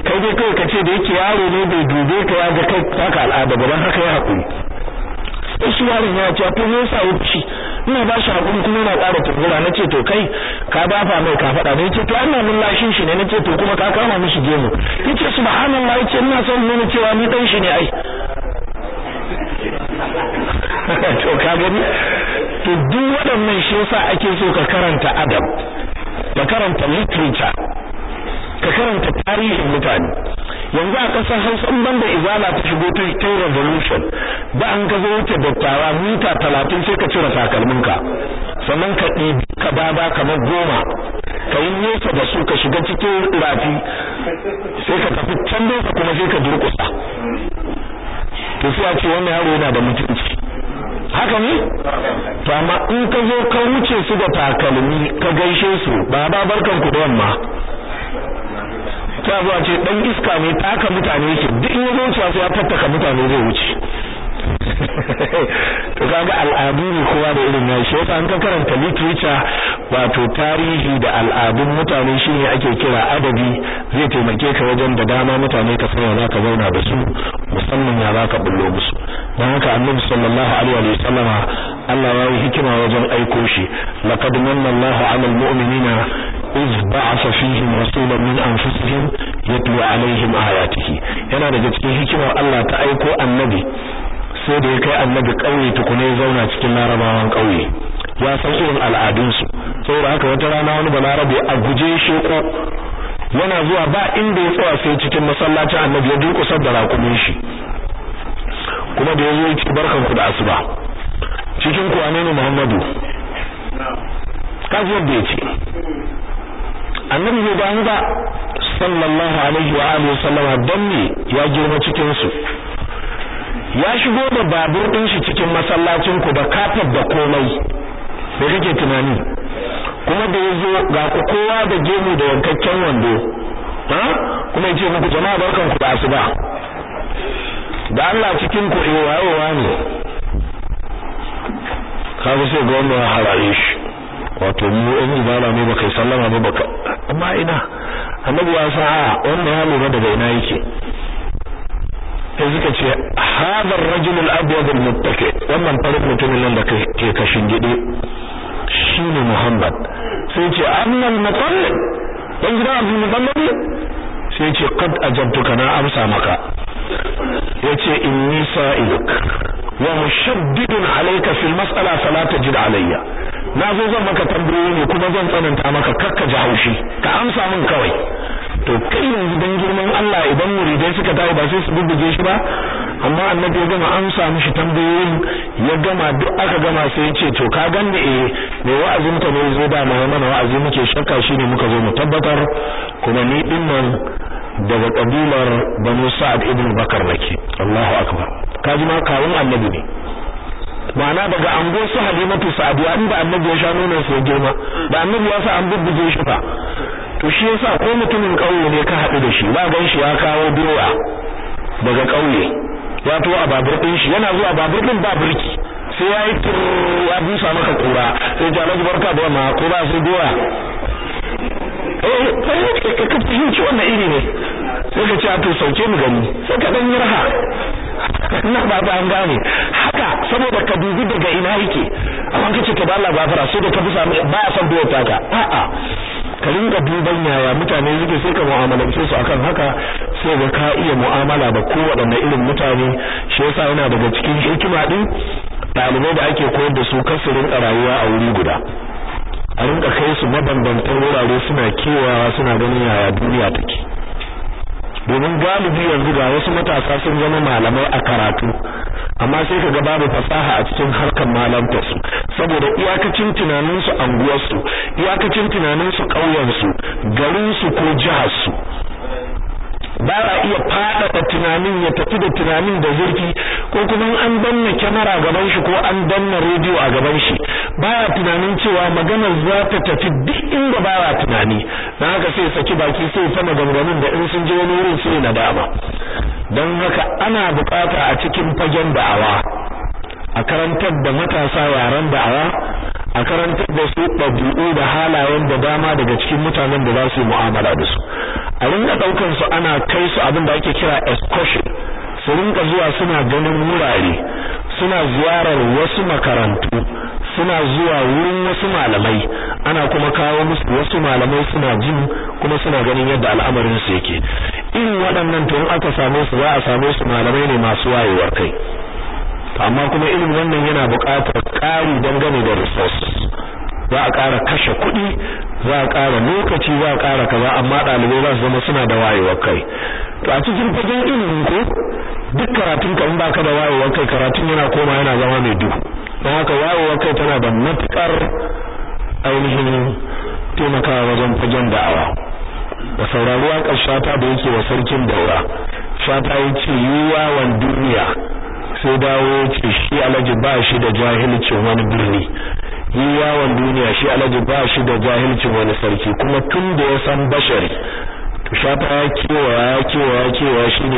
kai dai kai ka ce da yake yaro ne bai dube ka ya ga kai haka al'ada don haka ya hakuri sai shi yaron ya ce to me yasa wuce ina ba shi hakuri kuma ina ƙara na nace to kai ka dafa mai ka faɗa ne yace to Allah mun lashin shi ne nace to kuma ka kama mishi gemu yace ya yace ina son nuna cewa ni dan shi ne ai to ka gani to duk waɗannan shi yasa ake so ka karanta adab ka karanta literature ka karanta tarihin mutane yanzu a ƙasar Hausa in banda izala ta shigo ta ta revolution da an ka zo wuce dattawa mita talatin sai ka cire takalminka sannan ka ɗibi ka baba kamar goma ka yi nesa da su ka shiga cikin rafi sai ka tafi can nesa kuma sai ka durƙusa to sai a ce wannan yaro yana da mutunci haka ne to amma in ka zo ka wuce su da takalmi ka gaishe su ba ba barkan ku da yamma ta zuwa ce dan iska ne ka mutane yake duk in zo wuce sai ya tattaka mutane zai wuce to kaga al'adu ne kowa da irin nashi yasa an ka karanta literature wato tarihi da al'adun mutane shine ake kira adabi zai taimake ka wajen da dama mutane ka san za ka zauna da su musamman ya za ka bullo musu don haka annabi sallallahu alaihi wa Allah ya yi hikima wajen aiko shi laqad manna Allahu 'alal mu'minina iz ba'atha fihim rasulan min anfusihim yatlu alaihim ayatihi yana daga cikin hikimar Allah ta aiko annabi sai da ya kai annabi ƙauye tukuna ya zauna cikin larabawan ƙauye ya san irin al'adunsu saboda haka wata rana wani balarabe a guje sheko yana zuwa ba inda ya tsaya sai cikin masallacin annabi ya durƙusa da rakumin shi kuma da ya zo yake barkan ku da asuba cikin ku ne Muhammadu kaji da ya ce annabi bai ba sallallahu alaihi wa alihi sallam dan ne ya girma cikin su ya shigo da babur din shi cikin masallacin ku da kafar da komai da kake tunani kuma da yazo ga ku kowa da gemu da yankakken wando ha kuma yace muku jama'a barkan ku da asuba da Allah cikin ku eh wayewa ne ka sai ga wanda haraye shi wato mu ɗan ibada ne baka sallama ba baka amma ina annabi ya sa wanda ya lura daga ina yake sai suka ce hadha ar-rajul al-abyad muttaki wannan farin mutumin nan da ke kashin gidi shine Muhammad sai ce annal mutallib dan gidan Abdul Mutallib sai ce qad ajabtuka na amsa maka yace inni sa'iluk wa mushaddidun alayka fil mas'ala fala tajid alayya na zo zan maka tambayoyi ne kuma zan tsananta maka kakka ji haushi ka amsa min kawai to kai yanzu dan girman Allah idan muridai suka dawo ba sai su bubuge shi ba amma annabi ya gama amsa mishi tambayoyin ya gama duk aka gama sai ya ce to ka ganda eh me wa'azin ka ne zo da mai mana wa'azi muke shakka shine muka zo mu tabbatar kuma ni din nan daga kabilar Banu Sa'ad ibn Bakar nake Allahu akbar ji ma kawun annabi ne ma'ana daga ango su halimatu in inda annabi ya sha nuna sai girma da annabi ya sa an bubbuge shi fa to shi yasa ko mutumin ƙauye ne ka haɗu da shi ba gan shi ya kawo birowa daga ƙauye ya to a babur ɗin shi yana zuwa babur ɗin ba burki sai ya yi ya busa maka kura sai ta alhaji barka da wannan ko ba sai doya eh sai ka ka fahimci wannan iri ne sai ka ce to sauke mu gani sai ka dan yarha na ba ba an gane haka saboda ka dubi daga ina yake amma kace ka ba Allah gafara sai da ka busa ba san doya ta ka a'a ka ringa duban yaya mutane suke sai ka mu'amalance su akan haka sai ga ka iya mu'amala da kowaɗanne irin mutane shi yasa yana daga cikin hikima din ɗalibai da ake koyar da su kar su rinka rayuwa a wuri guda a ringa kai su mabambantan wurare suna kewawa suna ganin yaya duniya take domin galibi yanzu ga wasu matasa sun zama malamai a karatu amma sai ka ga babu fasaha a cikin harkar malamta su saboda iyakacin tunanin su anguwar su iyakacin tunanin su ƙauyen su garin su ko jihar su ba a iya faɗaɗa tunanin ya tafi da tunanin da zurfi ko kuma an danna kyamara gaban shi ko an danna rediyo a gaban shi ba a tunanin cewa maganar za ta tafi duk inda ba a tunani don haka sai saki baki sai ta maganganun da in sun je wani wurin su ne dama. don haka ana bukata a cikin fagen da'awa a karantar da matasa yaren da'awa a karantar da su ɗabi'u da halayen da dama daga cikin mutanen da za su yi mu'amala da su a rinka ɗaukan su ana kai su abin da ake kira excursion su rinka zuwa suna ganin wurare suna ziyarar wasu makarantu suna zuwa wurin wasu malamai ana kuma kawo musu wasu malamai suna jin kuma suna ganin yadda al'amarin su yake irin waɗannan tuwon aka same su za a same su malamai ne masu wayewar kai amma kuma ilimin wannan yana buƙatar ƙari dangane da resources za a ƙara kashe kuɗi za a ƙara lokaci za a ƙara kaza amma ɗalibai za su zama suna da wayewar kai to a cikin fagen ilimin ko duk karatun ka in ba ka da wayewar kai karatun yana koma yana zama mai duhu don haka wayewar kai tana da matuƙar ainihin taimakawa wajen fagen da'awa da sauraruwa ƙarshata da yake wa sarkin daura shata ya ce wa duniya sai dawo ce shi alhaji ba shi da jahilcin wani birni yi yawon duniya shi alhaji ba shi da jahilcin wani sarki kuma tun da ya san bashari to shafa ya kewa ya kewa ya kewa shi ne